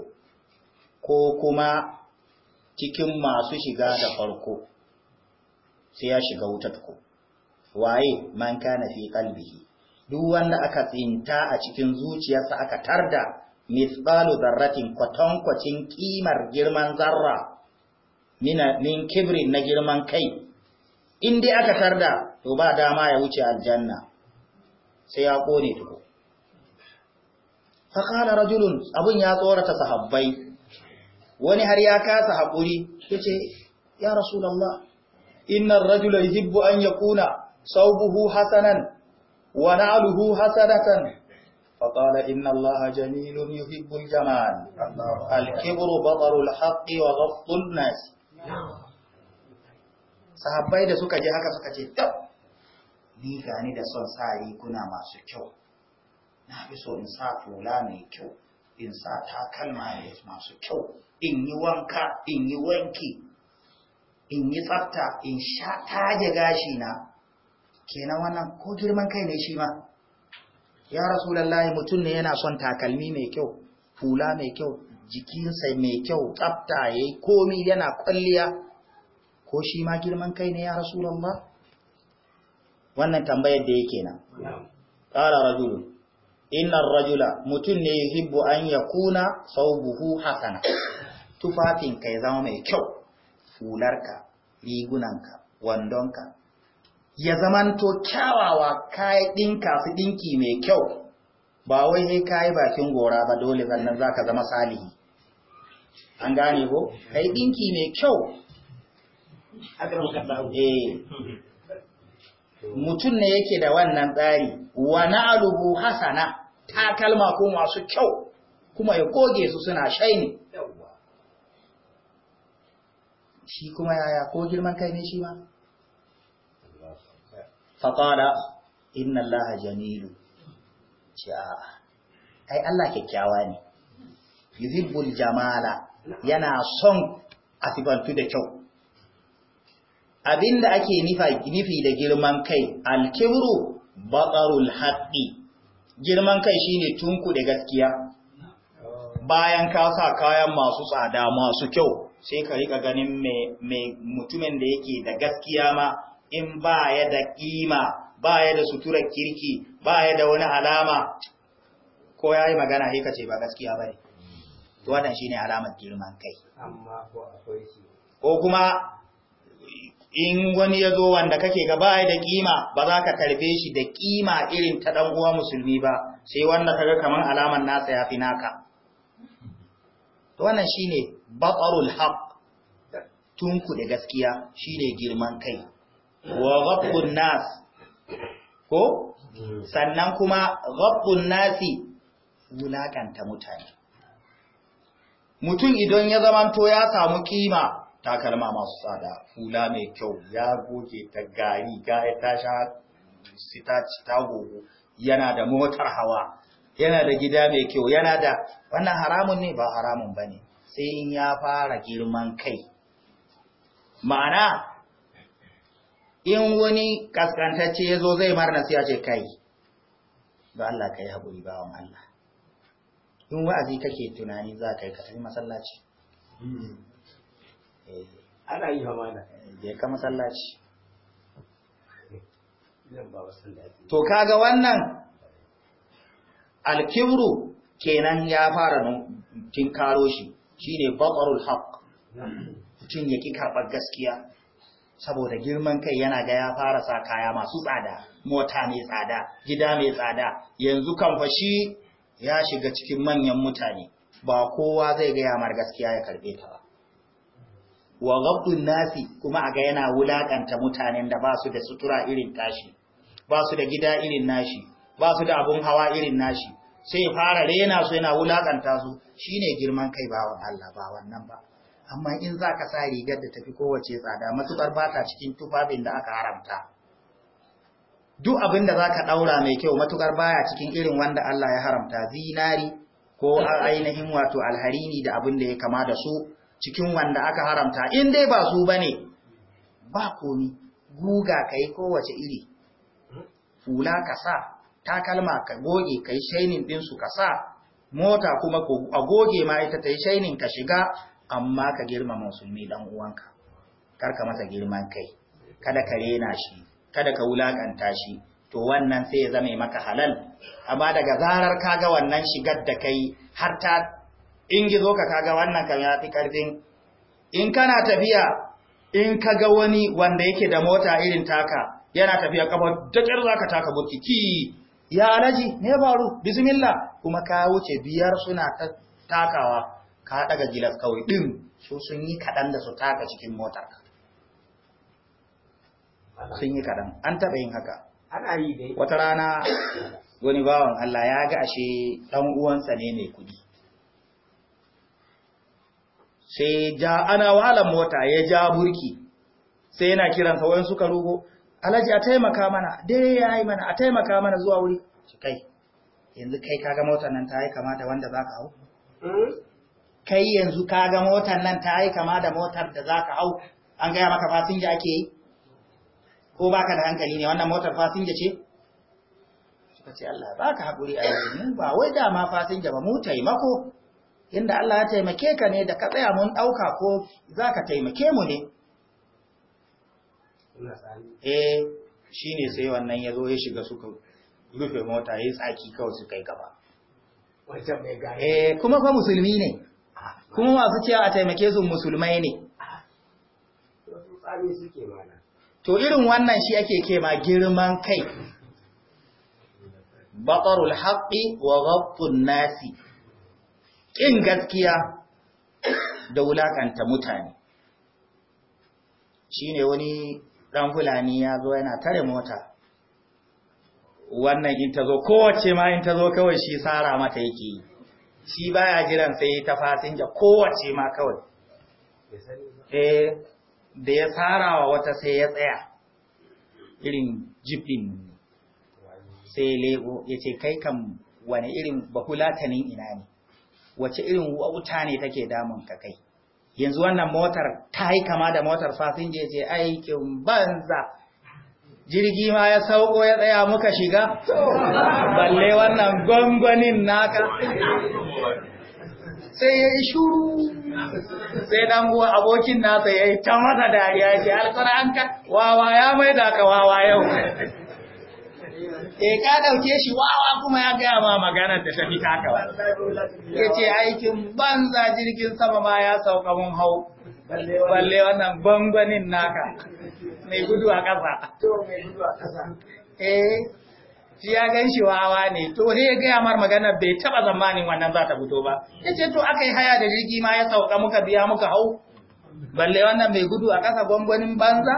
A: ko kuma cikin masu shiga da farko sai ya shiga wuta waye man kana fi qalbihi duk wanda aka tsinta a cikin zuciyarsa aka tarda misbalu zarratin kwatankwacin kimar girman zarra min kibrin na girman kai in aka tarda to ba dama ya wuce aljanna sai ya kone tuko faƙala rajulun abun ya tsorata sahabbai wani har ya kasa haƙuri ya ce ya rasulallah innan rajula yuhibbu an yakuna saubuhu hasanan wa na'luhu hasanatan فقال إن الله جميل يحب الجمال الكبر بطر الحق وغض الناس sahabbai da suka je haka suka ce tab ni gani da son sa riguna masu kyau na fi so in sa tula mai kyau in sa takalma masu kyau in yi wanka in yi wanki in yi tsafta in sha taje gashi na kenan wannan ko girman kai ne shi ma ya rasulullahi mutum ne yana son takalmi mai kyau hula mai kyau jikinsa mai kyau tsafta yayi komi yana kwalliya ko shi ma girman kai ne ya ba wannan tambayar da yake nan qala rajulun inna rajula mutum ne yuhibbu an yakuna buhu hasana tufafin ya zama mai kyau hularka rigunanka wandonka ya zamanto kyawawa kayan ɗinka su ɗinki mai kyau ba wai ne kayi bakin gora ba dole sannan za ka zama salihi an gane ko kai ɗinki mai kyau eh. mutum ne yake da wannan tsari wa alubu hasana takalma ko masu kyau kuma ya goge su suna shaini shi kuma yaya ko girman kai ne shi ma faƙara inna Allah jamilu ce ai Allah kyakkyawa ne yuhibbul jamala yana son asibantu da kyau abinda ake nufi da girman kai alkibru batsarul haƙi girman kai shine tunku da gaskiya bayan ka sa kayan masu tsada masu kyau sai ka rika ganin mai mutumin da yake da gaskiya ma in ba ya da ƙima ba ya da suturar kirki ba ya da wani alama ko ya yi magana haika ce ba gaskiya ba ne wannan shi ne alamar girman kai ko kuma in wani ya zo wanda kake ga ba da kima ba za ka tarbe shi da kima irin ta ɗan uwa musulmi ba sai wanda kaga kaman alaman nasa ya fi naka wannan shine batarul haq tunku da gaskiya shine girman kai wa ghabbun nas ko sannan kuma ghabbun nasi wulakanta mutane mutum idan ya zamanto ya samu kima takalma masu tsada hula mai kyau ya goge ta gari gaya ta sha sita gogo yana da motar hawa yana da gida mai kyau yana da wannan haramun ne ba haramun ba ne sai in ya fara girman kai ma'ana in wani kaskantacce ya zo zai mara na siya ce kai ba Allah ka yi ba wa Allah in wa'azi kake tunani za ka yi ka tafi masallaci hmm. ana yi hamana je ka masallaci to kaga wannan alkibru kenan ya fara tinkaro shi shine batarul haqq hmm. tun ya ƙi karɓar gaskiya saboda girman kai yana ga ya fara sa kaya masu tsada mota mai tsada gida mai tsada yanzu kan fashi ya shiga cikin manyan mutane ba kowa zai ga mar gaskiya ya karbe ta ba wa gabdun nasi kuma aga yana wulakanta mutanen da ba su da sutura irin tashi ba su da gida irin nashi ba su da abun hawa irin nashi sai fara rena su yana wulakanta su shine girman kai ba wa Allah ba wannan ba amma in za ka sa rigar da tafi kowace tsada matuƙar ba ta cikin tufafin da aka haramta duk abin da za ka ɗaura mai kyau matuƙar baya cikin irin wanda Allah ya haramta zinari ko ainihin wato alharini da abin da ya kama da su cikin wanda aka haramta in dai ba su ba ne ba komi guga ka yi kowace iri fula ka sa takalma ka goge ka yi shainin ɗinsu ka sa mota kuma a goge ma ita ta yi shainin ka shiga amma ka girmama musulmi dan uwanka kar ka masa girman kai kada ka rena shi kada ka wulakanta shi to wannan sai ya zame maka halal amma daga zarar kaga wannan shigar da kai har ta ingizo ka kaga wannan kan yafi karfin in kana tafiya in kaga wani wanda yake da mota irin taka yana tafiya kafa kyar zaka taka burkiki ya alaji ne baro bismillah kuma ka wuce biyar suna takawa ka daga gilas kawai din su sun yi kaɗan da su taka cikin motar ka sun yi kaɗan an taba yin haka ana yi dai wata rana wani bawan Allah ya ga ashe ɗan uwansa ne mai kuɗi sai ja ana wala mota ya ja burki sai yana kiran sa, wayan suka rugo alaji a taimaka mana dai ya mana a taimaka mana zuwa wuri shi kai yanzu kai kaga motar nan ta yi kamata wanda za ka hau hmm? kai yanzu ka ga motar nan ta yi kama da motar da za ka hau an gaya maka fasinja ake yi ko ba ka da hankali ne wannan motar fasinja ce suka ce Allah ba ka haƙuri a yanzu ba wai dama fasinja ba mu taimako inda Allah ya taimake ka ne da ka tsaya mun ɗauka ko za ka taimake mu ne eh shi ne sai wannan ya zo ya shiga suka rufe mota ya yi tsaki kawai suka yi gaba eh, kuma kwa musulmi ne kuma masu cewa a taimake su musulmai ne to irin wannan shi ake kema girman kai baƙarul haƙi wa gabtun nasi ƙin gaskiya da wulaƙanta mutane shi ne wani ɗan fulani ya zo yana tare mota wannan in ta zo kowace ma in ta zo kawai shi tsara mata yake yi shi baya jiran sai ta fasinja kowace ma kawai eh da ya tsarawa wata sai ya tsaya irin jibin sai lego ya ce kai kan wani irin bahulatanin ina ne wace irin wauta ne take damun ka kai yanzu wannan motar ta yi kama da motar fasinja ce aikin banza jirgi ma ya sauko ya tsaya muka shiga balle wannan gwangwanin naka sai ya yi shuru sai dan uwa abokin nasa ya yi ta masa dariya ya ce alƙur'anka wawa ya maida ka wawa yau e ka ɗauke shi wawa kuma ya gaya ma maganar da tafi takawa ya ce aikin banza jirgin sama ma ya sauka mun hau balle wannan gwangwanin naka mai gudu a ƙasa. Eh, shi ya gan shi wawa ne, to sai ya gaya mar magana bai taɓa zamanin wannan za ta fito ba. Ya ce to aka yi haya da jirgi ma ya sauka muka biya muka hau, balle wannan mai gudu a ƙasa gwangwanin banza.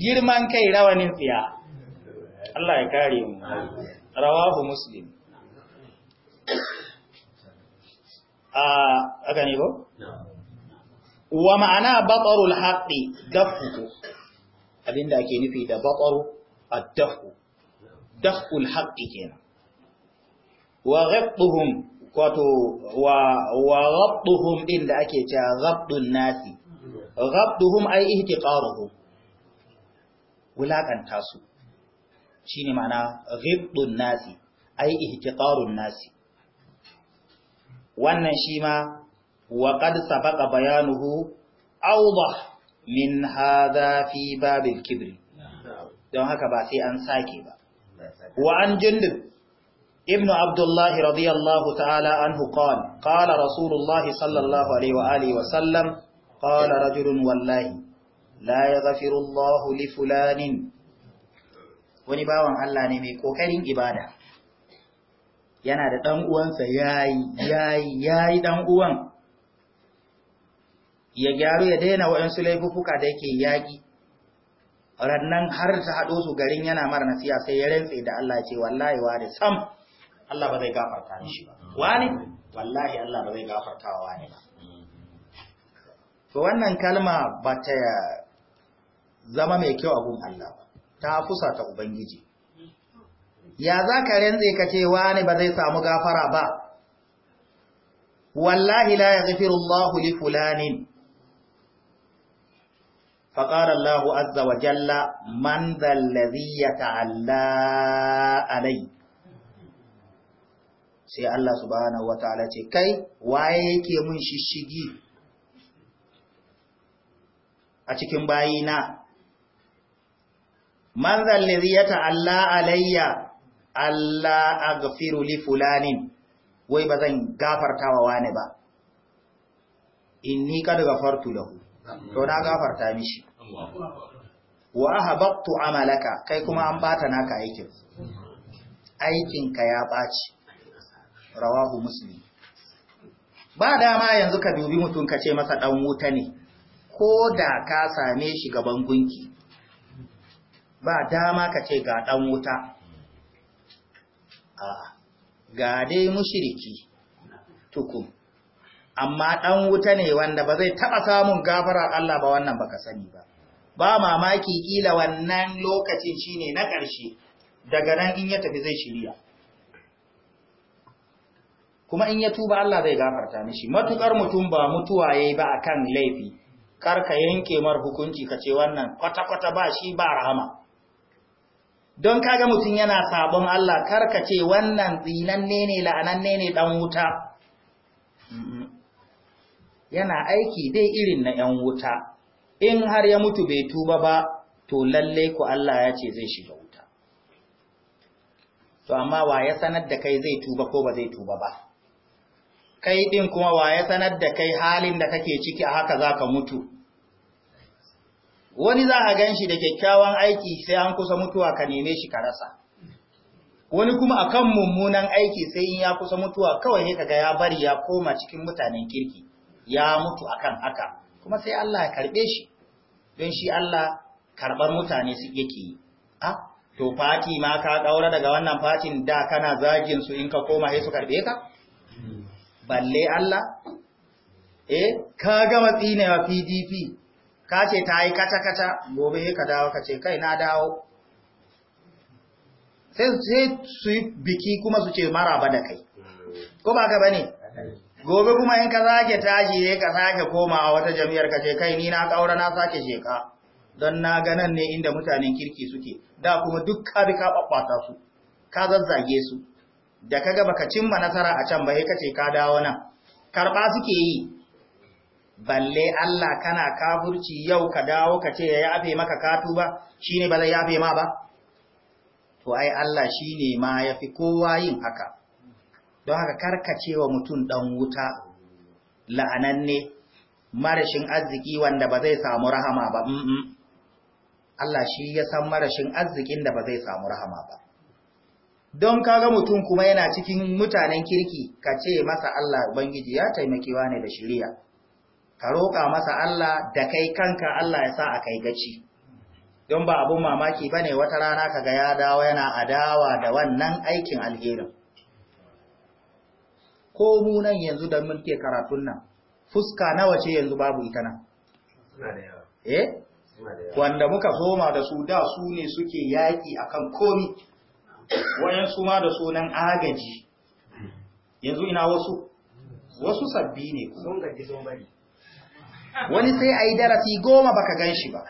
A: Girman kai rawanin tsiya, Allah ya kare mu, rawahu Muslim. أغنيبو آه، نعم. ومعنى بطر الحق دفه أبين ذاك ينفي ذا بطر الدفه دفء الحق كينا وغطهم كتو و وغطهم إن ذاك غبط الناس غبطهم أي احتقارهم ولكن تاسو شيني معنى غبط الناس أي اهتقار الناس wannan shi ma waƙarsa ƙadisa baƙa bayanuhu auba min haza fi babin kibri don haka ba sai an sake ba wa an jindin ibnu abdullahi radiyallahu ta'ala an hukawan ƙala rasulullahi sallallahu alaihi wa sallam ƙala rajulun wallahi la ya zafirullahu li fulanin wani bawan Allah ne mai ƙoƙarin ibada yana da ɗan uwansa yayi yayi yayi ɗan uwan ya gyaru ya daina waɗansu laifuka da yake yaƙi rannan har ta haɗo su garin yana mara nasiya sai ya rantse da Allah ce wallahi wani sam Allah ba zai gafarta ni shi ba wani wallahi Allah ba zai gafarta wa wani ba to wannan kalma ba ta zama mai kyau a gun Allah ba ta fusa ta ubangiji ya za ka rantse ka ce wani ba zai samu gafara ba wallahi la ya zafiru Allah li fulanin faƙar Allah azza wa jalla man zallazi ya ta'alla alai sai Allah subhanahu wa ta'ala ce kai waye yake mun shishigi a cikin bayina man zallazi ya ta'alla alayya Allah aghfiru li fulanin wai ba zan gafarta wa wani ba In ni kad gafartu lahu to na gafarta mishi wa ahbattu amalaka kai kuma an bata naka aikin aikinka ya ɓaci. rawahu muslim ba dama yanzu ka dubi mutum ka ce masa ɗan wuta ne ko da ka same shi gaban gunki ba dama ka ce ga ɗan wuta a'a ga dai mushiriki tukun amma ɗan wuta ne wanda ba zai taɓa samun gafarar Allah ba wannan baka sani ba ba mamaki ƙila wannan lokacin shine na ƙarshe daga nan in ya tafi zai shirya kuma in ya tuba Allah zai gafarta mishi matukar mutum ba mutuwa yayi ba akan laifi karka yanke mar hukunci ka ce wannan kwata kwata ba shi ba rahama don kaga mutum yana sabon Allah karka ce wannan tsinanne ne la'ananne ne dan wuta yana aiki dai irin na ‘yan wuta, in har ya mutu bai tuba ba, to lalle ku Allah ya ce zai shiga wuta. To, amma wa ya sanar da kai zai tuba ko ba zai tuba ba, kai ɗin kuma wa ya sanar da kai halin da kake ciki a haka za ka mutu, wani za a gan shi da kyakkyawan aiki sai an kusa mutuwa ka neme shi ka rasa wani kuma a kan mummunan aiki sai in ya kusa mutuwa kawai ne kaga ya bari ya koma cikin mutanen kirki ya mutu akan haka kuma sai Allah ya karɓe shi don shi Allah karɓar mutane su yake yi a to fati ma ka ɗaura daga wannan fatin da kana zagin su in ka koma sai su karɓe ka balle Allah eh ka gama tsinewa PDP ka ce ta yi kata-kata gobe ka dawo ka ce kai na dawo sai su yi biki kuma su ce maraba da kai ko ba ka ba ne gobe kuma in ka sake tashi ne ka sake komawa wata jami'ar ka ce kai ni na ƙaura na sake sheka don na ganan ne inda mutanen kirki suke da kuma duk ka bi ka su ka zazzage su da ka gaba ka cimma nasara a can ba ka ce ka dawo nan karɓa suke yi balle Allah kana kafurci yau ka dawo ka ce ya yafe maka katu ba shi ne ba zai yafe ma ba to ai Allah shi ne ma ya fi kowa yin haka don haka wa mutum ɗan wuta la'ananne marashin arziki wanda ba zai samu rahama ba mm Allah shi ya san marashin arzikin da ba zai samu rahama ba don kaga mutum kuma yana cikin mutanen kirki ka ce masa Allah Ubangiji ya taimakewa ne da shirya ka roƙa masa Allah da kai kanka Allah ya sa a kai gaci don ba abun mamaki ba ne wata rana ka ga ya dawo yana adawa da wannan aikin alherin ko mu nan yanzu da muke karatun nan fuska nawa ce yanzu babu ita nan eh wanda muka soma da su da su ne suke yaƙi akan komi wayan su ma da sunan agaji yanzu ina wasu wasu sabbi ne sun gaji sun bari wani sai a yi darasi goma baka gan shi ba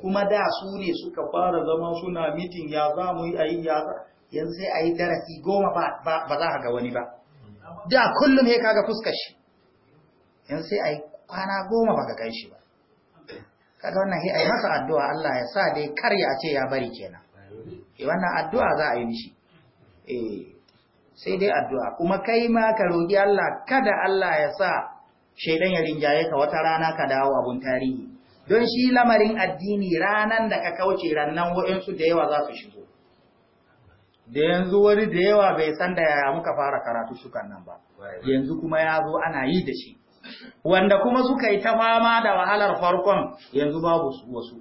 A: kuma da su ne suka fara zama suna mitin ya za mu yi a yi ya za yanzu sai a yi darasi goma ba za a ga wani ba da kullum ya kaga fuskar shi yanzu sai a yi kwana goma baka gan shi ba kaga wannan ya a yi masa addu'a Allah ya sa dai kar ya ce ya bari kenan eh wannan addu'a za a yi mishi eh sai dai addu'a kuma kai ma ka roki Allah kada Allah ya sa shaidan ya rinjaye ka wata rana ka dawo abun tarihi don shi lamarin addini ranan da ka kauce rannan wa'insu da yawa za su shigo da yanzu wani da yawa bai san da yaya muka fara karatu shukan nan ba yanzu kuma ya zo ana yi da shi wanda kuma suka yi ta fama da wahalar farkon yanzu babu wasu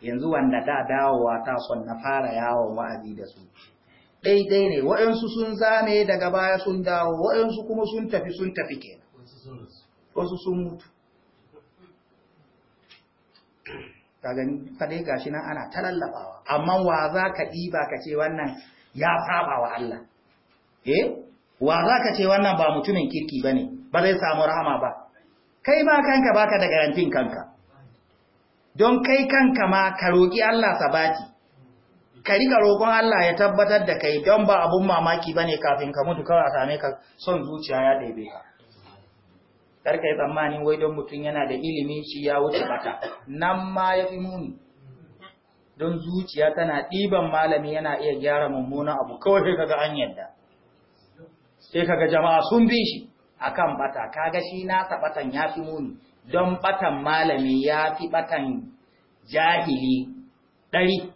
A: yanzu wanda da dawowa ta son na fara yawon wa'azi da su daidai ne waɗansu sun zame daga baya sun dawo waɗansu kuma sun tafi sun tafi ke wasu sun mutu kadai gashi nan ana ta amma wa za ka ɗiba ka ce wannan ya saba wa Allah eh wa za ka ce wannan ba mutumin kirki ba ne ba zai samu rahama ba kai ma kanka baka da garantin kanka don kai kanka ma ka roƙi Allah sabati ka riga roƙon Allah ya tabbatar da kai don ba abun mamaki ba ne kafin ka mutu kawai a same ka son zuciya ya ɗaibe ka ka yi tsammanin wai don mutum yana da ilimi shi ya wuce bata nan ma ya fi muni don zuciya tana ɗiban malami yana iya gyara mummunan abu kawai sai kaga an yadda sai kaga jama'a sun bi shi akan bata kaga shi nasa batan ya fi muni don batan malami ya fi batan jahili ɗari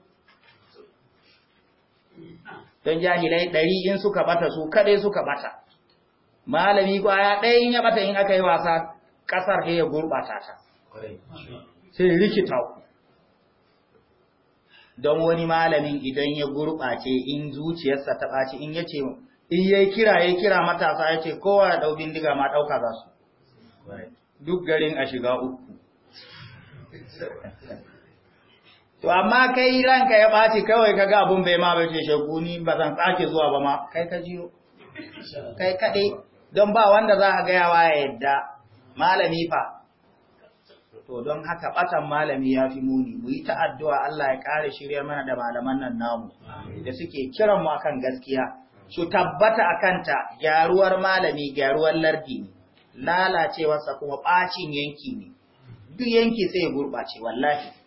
A: don jahilai ɗari in suka bata su kaɗai suka bata malami kwaya ɗaya in ya bata in aka yi wasa ƙasar ya gurɓata ta sai rikita ku don wani malamin idan ya gurɓace in zuciyarsa ta ɓaci in ya in ya kira ya kira matasa ya ce kowa ya ɗau bindiga ma ɗauka za su duk garin a shiga uku to amma kai ranka ya ɓaci kawai kaga abun bai ma bai shegu ni ba zan tsake zuwa ba ma kai ka jiyo kai kaɗai don ba wanda za a gaya wa yadda malami fa to don haka ɓatan malami ya fi muni mu yi ta'addu'a Allah ya ƙara shirya mana da malaman nan namu da suke kiran mu akan gaskiya su tabbata a kanta gyaruwar malami gyaruwar lardi ne lalacewarsa kuma ɓacin yanki ne duk yanki sai ya gurɓace wallahi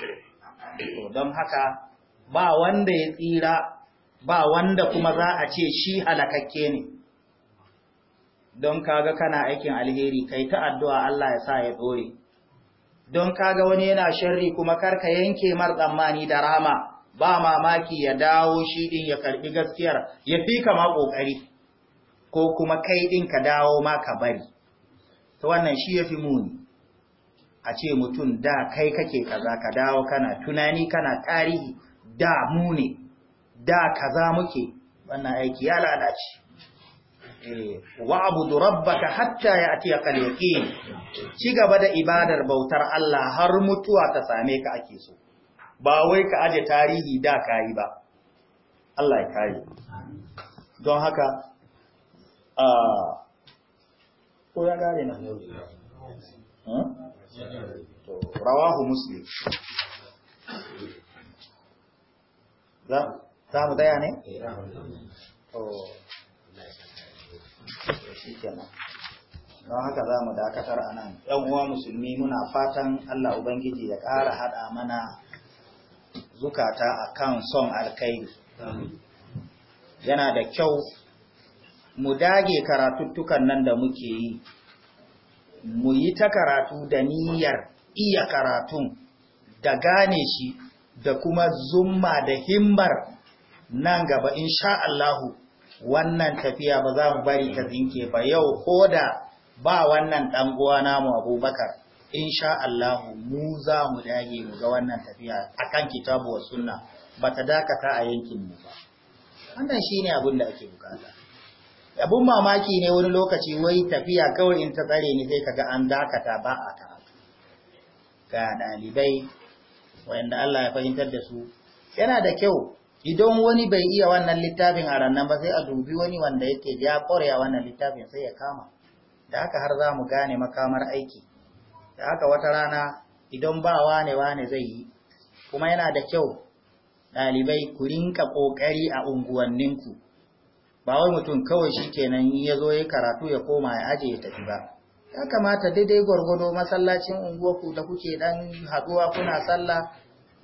A: to don haka ba wanda ya tsira ba wanda kuma za a ce shi halakakke ne don kaga kana aikin alheri kai ta addu'a Allah ya sa ya dore don kaga wani yana sharri kuma karka yanke mar tsammani da rama ba mamaki ya dawo shi din ya karbi gaskiyar ya fi kama kokari ko kuma kai ɗin ka dawo ma ka bari to wannan shi yafi muni a ce mutum da kai kake kaza ka dawo kana tunani kana tarihi da mu ne da kaza muke wannan aiki ya lalace eh, abudu rabbaka hatta ya ati yaqin ci gaba da ibadar bautar Allah har mutuwa ta same ka ake so ba wai ka aje tarihi da kai ba Allah ya kai don haka a ah, ko ya gare na rawahu muslim za mu daya ne? Eh, shi kenan don haka za mu dakatar a nan ‘yan uwa musulmi muna fatan Allah Ubangiji ya ƙara haɗa mana zukata a kan son alkairi yana da kyau mu dage karatuttukan nan da muke yi mu yi ta karatu da niyyar iya karatun da gane shi da kuma zumma da himmar nan gaba in Allahu wannan tafiya ba za mu bari ta zinke ba yau ko da ba wannan dan na namu Abubakar in Allahu mu za mu dage mu ga wannan tafiya akan kitabu wa sunna ba ta dakata a yankin mu ba wannan shi ne abin da ake bukata abun mamaki ne wani lokaci wai tafiya kawai in ta tsare ni sai kaga an dakata ba a karatu ga ɗalibai wanda Allah ya fahimtar da su yana da kyau idan wani bai iya wannan littafin a rannan ba sai a dubi wani wanda yake ya ƙwarya wannan littafin sai ya kama da haka har za mu gane makamar aiki da haka wata rana idan ba wane wane zai yi kuma yana da kyau ɗalibai ku rinka ƙoƙari a unguwanninku ba wai mutum kawai shi kenan ya zo ya karatu ya koma ya aje ya tafi ba ya kamata daidai gwargwado masallacin unguwarku da kuke dan haduwa kuna sallah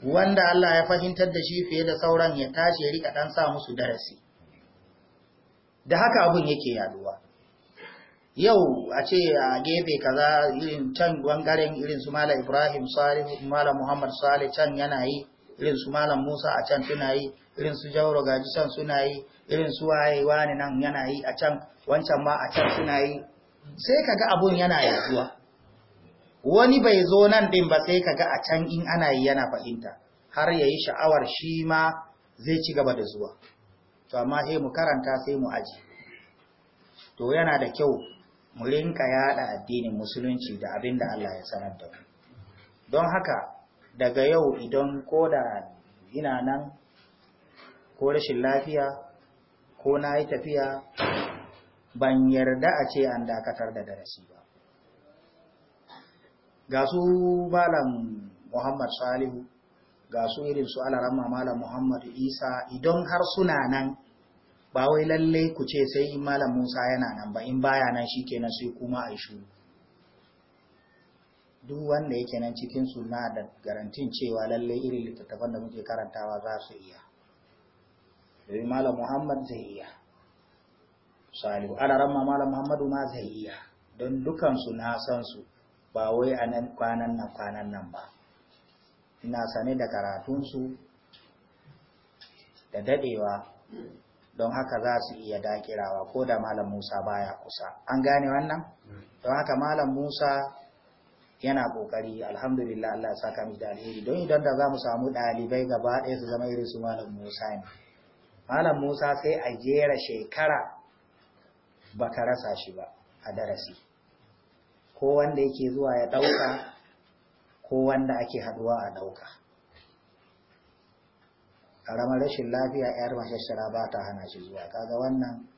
A: wanda Allah ya fahimtar da shi fiye da sauran ya tashi ya rika dan sa musu darasi da haka abun yake yaduwa yau a ce a gefe kaza irin can bangaren irin su malam Ibrahim Salih malam Muhammad Salih can yana yi irin su malam Musa a can suna yi irin su Jauro gaji can suna yi irin su waye wani nan yana yi a can wancan ma a can suna yi sai kaga abun yana yaduwa wani bai zo nan din ba sai kaga a can in ana yi yana fahimta har yayi sha'awar shi ma zai ci gaba da zuwa to amma sai mu karanta sai mu aji to yana da kyau mu rinka yada addinin musulunci da abin da Allah ya sanar da don haka daga yau idan koda ina nan ko rashin lafiya ko na yi tafiya ban yarda a ce an dakatar da darasi ba ga su malam muhammad salihu ga su irin su alarama malam muhammad isa idan har suna nan ba wai lalle ku ce sai malam musa yana nan ba in baya nan shi kenan sai kuma a shuru duk wanda yake nan cikin suna da garantin cewa lalle irin littattafan da muke karantawa za su iya domin eh, malam muhammad zai iya salihu alaran ramma malam muhammadu ma zai iya don dukansu na san su ba wai a nan kwanan nan kwanan nan ba ina sane da karatunsu da dadewa don haka za su iya dakirawa ko da malam musa baya kusa an gane wannan don haka malam musa yana kokari alhamdulillah Allah ya saka mu da alheri don idan da za samu dalibai gaba ɗaya su zama irin su malam musa ne malam musa sai a jera shekara ba ka rasa shi ba a darasi ko wanda yake zuwa ya ɗauka ko wanda ake haduwa a ɗauka ƙaramar rashin lafiya 'yar mashashara ba ta hana shi zuwa kaga wannan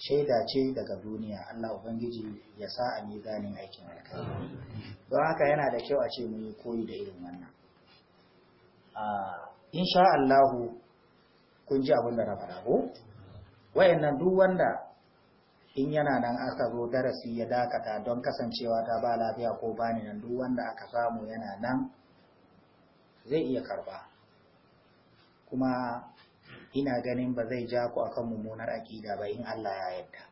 A: shaida ce daga duniya Allah Ubangiji ya sa a ni ganin aikin alkhairi don haka yana da kyau a ce mun yi koyi da irin wannan ah, insha Allahu kun ji abin da na faɗa ko wayannan duk wanda in yana nan aka zo darasi ya dakata don kasancewa ta ba lafiya ko ba ni nan duk wanda aka samu yana nan zai iya karba kuma ina ganin ba zai ja ku akan mummunar aƙida ba in Allah ya yarda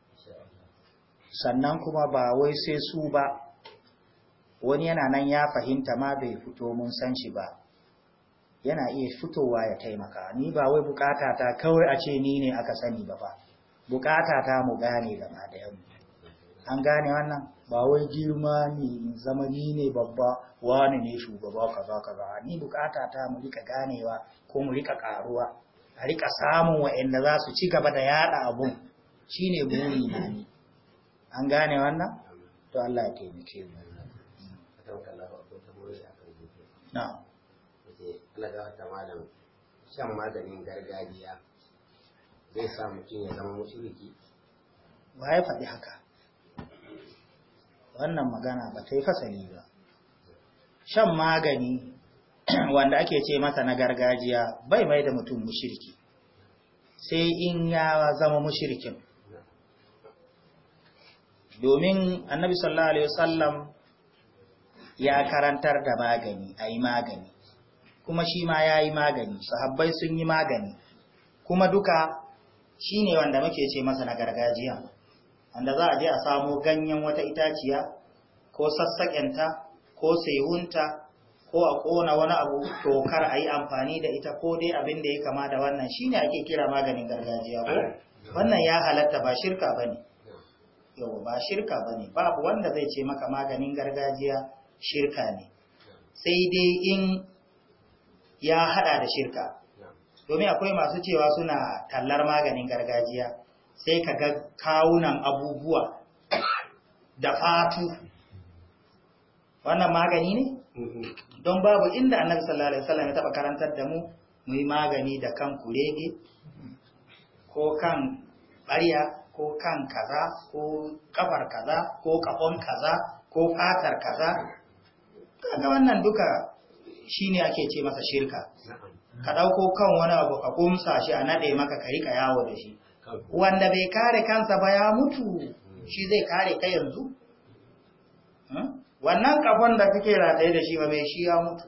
A: sannan kuma ba wai sai su ba wani yana nan ya fahimta ma bai fito mun san shi ba yana iya fitowa ya taimaka ni ba wai bukata ta kawai a ce ni ne aka sani ba fa bukata ta mu gane gaba da yamma an gane wannan ba wai girma ni zama ni ne babba wani ne shugaba kaza kaza ni bukata ta mu rika ganewa ko mu rika karuwa a rika samun wa'anda za su ci gaba da yada abun shine buri na ni an gane wannan to Allah ya taimake mu na'am eh alagawa ta malam shan maganin gargajiya zai sa mutum ya zama mushriki wa ya faɗi haka wannan magana ba ta yi fasali ba shan magani <clears throat> wanda ake ce masa na gargajiya bai mai da mutum mushirki sai in ya zama mushirkin domin annabi sallallahu alaihi wasallam ya karantar da magani a yi magani kuma shi ma ya yi magani sahabbai sun yi magani kuma duka shi ne wanda muke ce masa na gargajiya wanda za a je a samo ganyen wata itaciya ko sassaƙenta ko sehunta ko a ƙona wani abu tokar a yi amfani da ita ko dai abin da ya kama da wannan shi ne ake kira maganin gargajiya ko wannan ya halatta ba shirka ba ne yau ba shirka ba ne babu wanda zai ce maka maganin gargajiya shirka ne sai dai in ya hada da shirka domin akwai masu cewa suna tallar maganin gargajiya sai ka ga kawunan abubuwa da fatu wannan magani ne don babu inda annabi sallallahu alaihi wasallam ya taba karantar da mu mu yi magani da kan kurege ko kan bariya ko kan kaza ko kafar kaza ko kafon kaza ko fatar kaza kaga wannan duka shine ake ce masa shirka ka ɗauko kan wani abu ka kumsa shi a naɗe maka ka riƙa yawo da shi wanda bai kare kansa ba ya mutu shi zai kare ka yanzu hmm? wannan kafan da kake rataye da shi ba mai shi ya mutu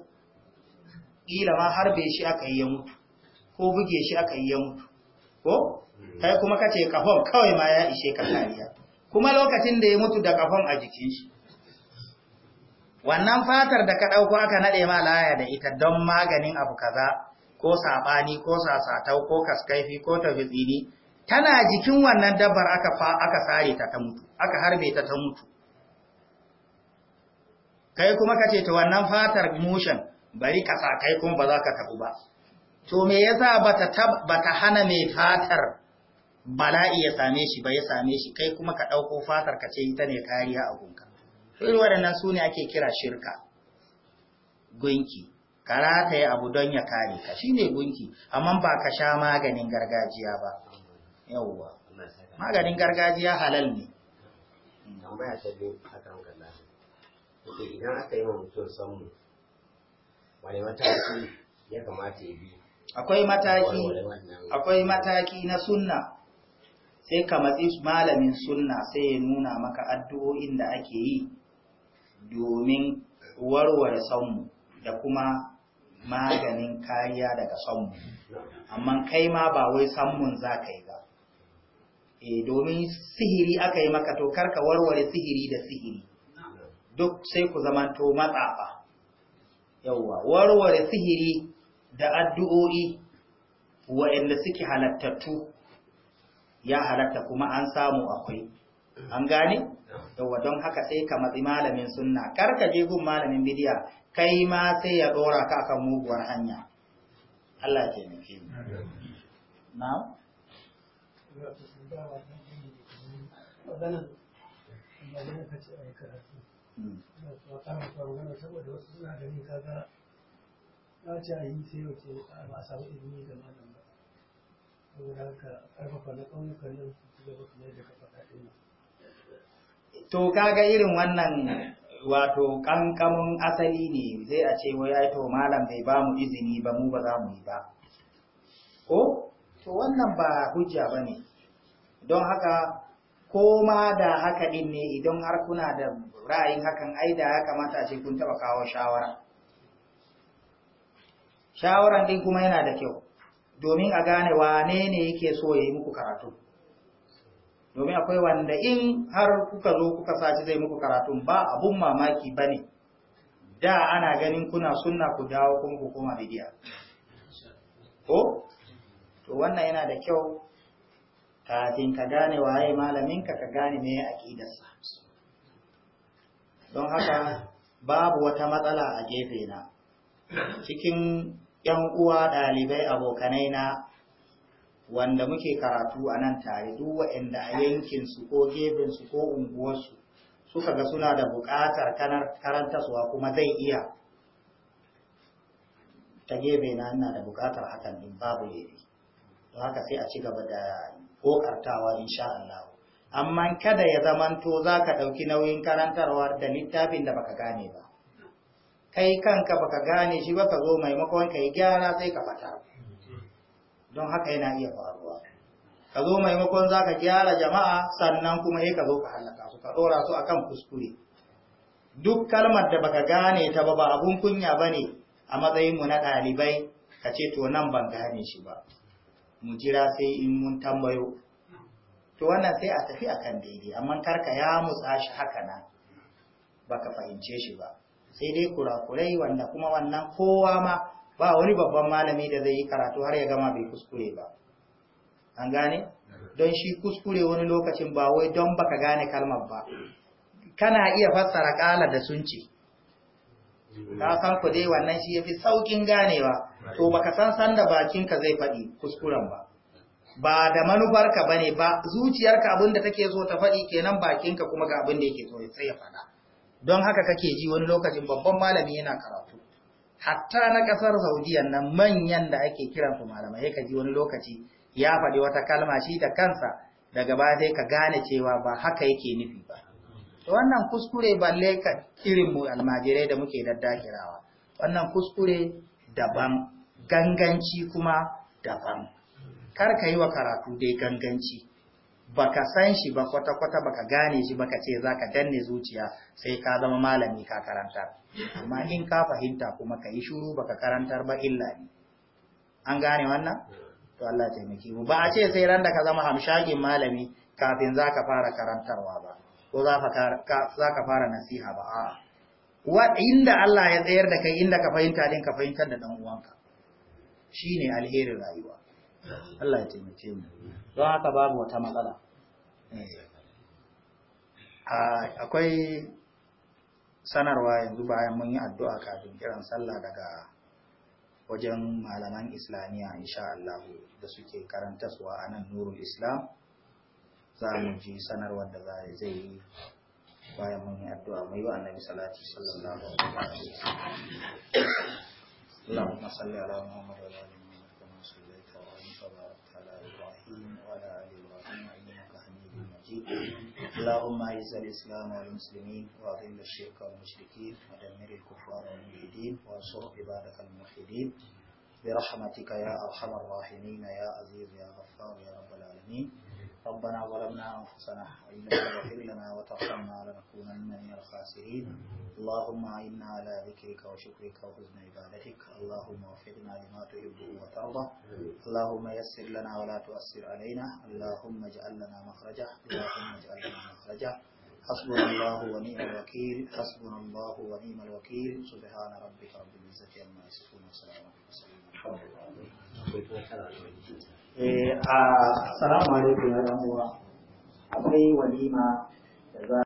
A: ƙila ma har bai shi aka yi ya mutu ko buge shi aka yi ya mutu ko kai kuma kace kafon kawai ma ya ishe ka kariya kuma lokacin da ya mutu da kafan a jikin shi wannan fatar da ka ɗauko aka naɗe ma laya da ita don maganin abu kaza ko saɓani ko sasatau ko kaskaifi ko tafizini tana jikin wannan dabbar aka fa aka sare ta ta mutu aka harbe ta ta mutu kai kuma ka ce ta wannan fatar mushen bari ka sa kai kuma ba za ka tafi ba to me yasa bata tab bata hana mai fatar bala'i ya same shi ba ya same shi kai kuma ka ɗauko fatar ka ce ita ne kariya a gunka irin waɗannan su ne ake kira shirka gunki ka rataye abu don ya kare ka shi ne gunki amma ba ka sha maganin gargajiya ba yauwa maganin gargajiya halal ne idan aka yi wa mutum wani mataki ya kamata ya bi akwai mataki akwai mataki na sunna sai ka matsi malamin sunna sai ya nuna maka addu'o'in da ake yi domin warware sonmu da kuma maganin kariya daga sonmu amma kai ma ba wai sonmun za ka yi ba Eh domin sihiri aka yi maka to karka warware sihiri da sihiri duk sai ku zamanto matsafa yauwa warware sihiri da addu'o'i waɗanda suke halattattu ya halatta kuma an samu akwai an gane yawa don haka sai ka matsi malamin sunna kar ka je gun malamin bidiya kai ma sai ya dora ka akan muguwar hanya Allah ya taimake mu na'am a yi karfafa na ƙauyukan nan to kaga irin wannan wato kankamun asali ne zai a ce wai ai to malam bai ba mu izini ba mu ba za mu yi ba ko to wannan ba hujja bane don haka ko ma da haka din ne idan har kuna da ra'ayin hakan ai da ya kamata a ce kun taba kawo shawara shawaran din kuma yana da kyau domin a gane wane ne yake so ya yi muku karatu domin akwai wanda in har kuka zo kuka saci zai muku karatun ba abun mamaki ba ne da ana ganin kuna sunna ku dawo kuma ku koma bidiya ko to wannan yana da kyau kafin ka gane waye malaminka ka gane me aqidarsa don haka babu wata matsala a gefe na cikin yan uwa ɗalibai abokanai na wanda muke karatu a nan tare duk waɗanda a yankinsu ko gefensu ko unguwarsu suka ga suna da buƙatar karantaswa kuma zai iya ta gefe na ina da buƙatar hakan din babu laifi don haka sai a ci gaba da ƙoƙartawa insha Allah amma kada ya zamanto za ka ɗauki nauyin karantarwar da littafin da baka gane ba kai kanka baka gane shi ba ka zo maimakon ka yi gyara sai ka fata don haka yana iya faruwa ka zo maimakon za ka gyara jama'a sannan kuma yi ka zo ka halaka su ka ɗora su a kan kuskure duk kalmar da baka gane ta ba ba abun kunya ba ne a matsayinmu na ɗalibai ka ce to nan ban gane shi ba mu jira sai in mun tambayo to wannan sai a tafi akan daidai amma kar ka ya mutsa shi haka nan baka fahimce shi ba sai dai kurakurai wanda kuma wannan kowa ma ba wani babban malami da zai yi karatu har ya gama bai kuskure ba an gane don shi kuskure wani lokacin ba wai don baka gane kalmar ba kana iya fassara kala da sunci ka san ku dai wannan shi yafi saukin ganewa to baka san san da bakinka zai faɗi kuskuren ba ba da manufarka bane ba zuciyarka abinda take so ta faɗi kenan bakinka kuma ga abinda yake so sai ya faɗa don haka kake ji wani lokacin babban malami yana karatu hatta na kasar saudiya nan manyan da ake kiran su malamai ka ji wani lokaci ya faɗi wata kalma shi da kansa daga baya sai ka gane cewa ba haka yake nufi ba wannan kuskure balle ka irin mu almajirai da muke daddakirawa wannan kuskure daban ganganci kuma daban kar ka yi wa karatu dai ganganci baka san shi ba kwata-kwata baka gane shi baka ce za ka danne zuciya sai ka zama malami ka karantar amma in ka fahimta kuma ka yi shuru baka karantar ba illa ne an gane wannan to Allah taimake mu ba a ce sai ran da ka zama hamshagin malami kafin za ka fara karantarwa ba ko za ka fara nasiha ba a inda Allah ya tsayar da kai inda ka fahimta din ka fahimtar da dan uwanka shine alherin rayuwa Allah ya taimake mu don haka babu wata matsala akwai sanarwa yanzu bayan mun yi addu'a kafin kiran sallah daga wajen malaman islamiyya insha Allah da suke karantaswa a nan nurul islam za mu ji sanarwar da zai yi bayan mun yi addu'a mai wa annabi salati sallallahu alaihi wa sallam
B: Allahumma salli ala
A: Muhammad wa اللهم اعز الاسلام والمسلمين واذل الشرك والمشركين ودمر الكفار والملحدين وانصر عبادك الموحدين برحمتك يا ارحم الراحمين يا عزيز يا غفار يا رب العالمين ربنا ظلمنا أنفسنا وإن لم تغفر لنا وترحمنا لنكونن من الخاسرين اللهم أعنا على ذكرك وشكرك وحسن عبادتك اللهم وفقنا لما تحب وترضى اللهم يسر لنا ولا تؤثر علينا اللهم اجعل لنا مخرجا اللهم اجعل لنا مخرجا حسبنا الله ونعم الوكيل حسبنا الله ونعم الوكيل سبحان ربك رب العزة عما يصفون وسلام على المرسلين Eh, a ah, salamu alaikum ya ramuwa, akwai walima da za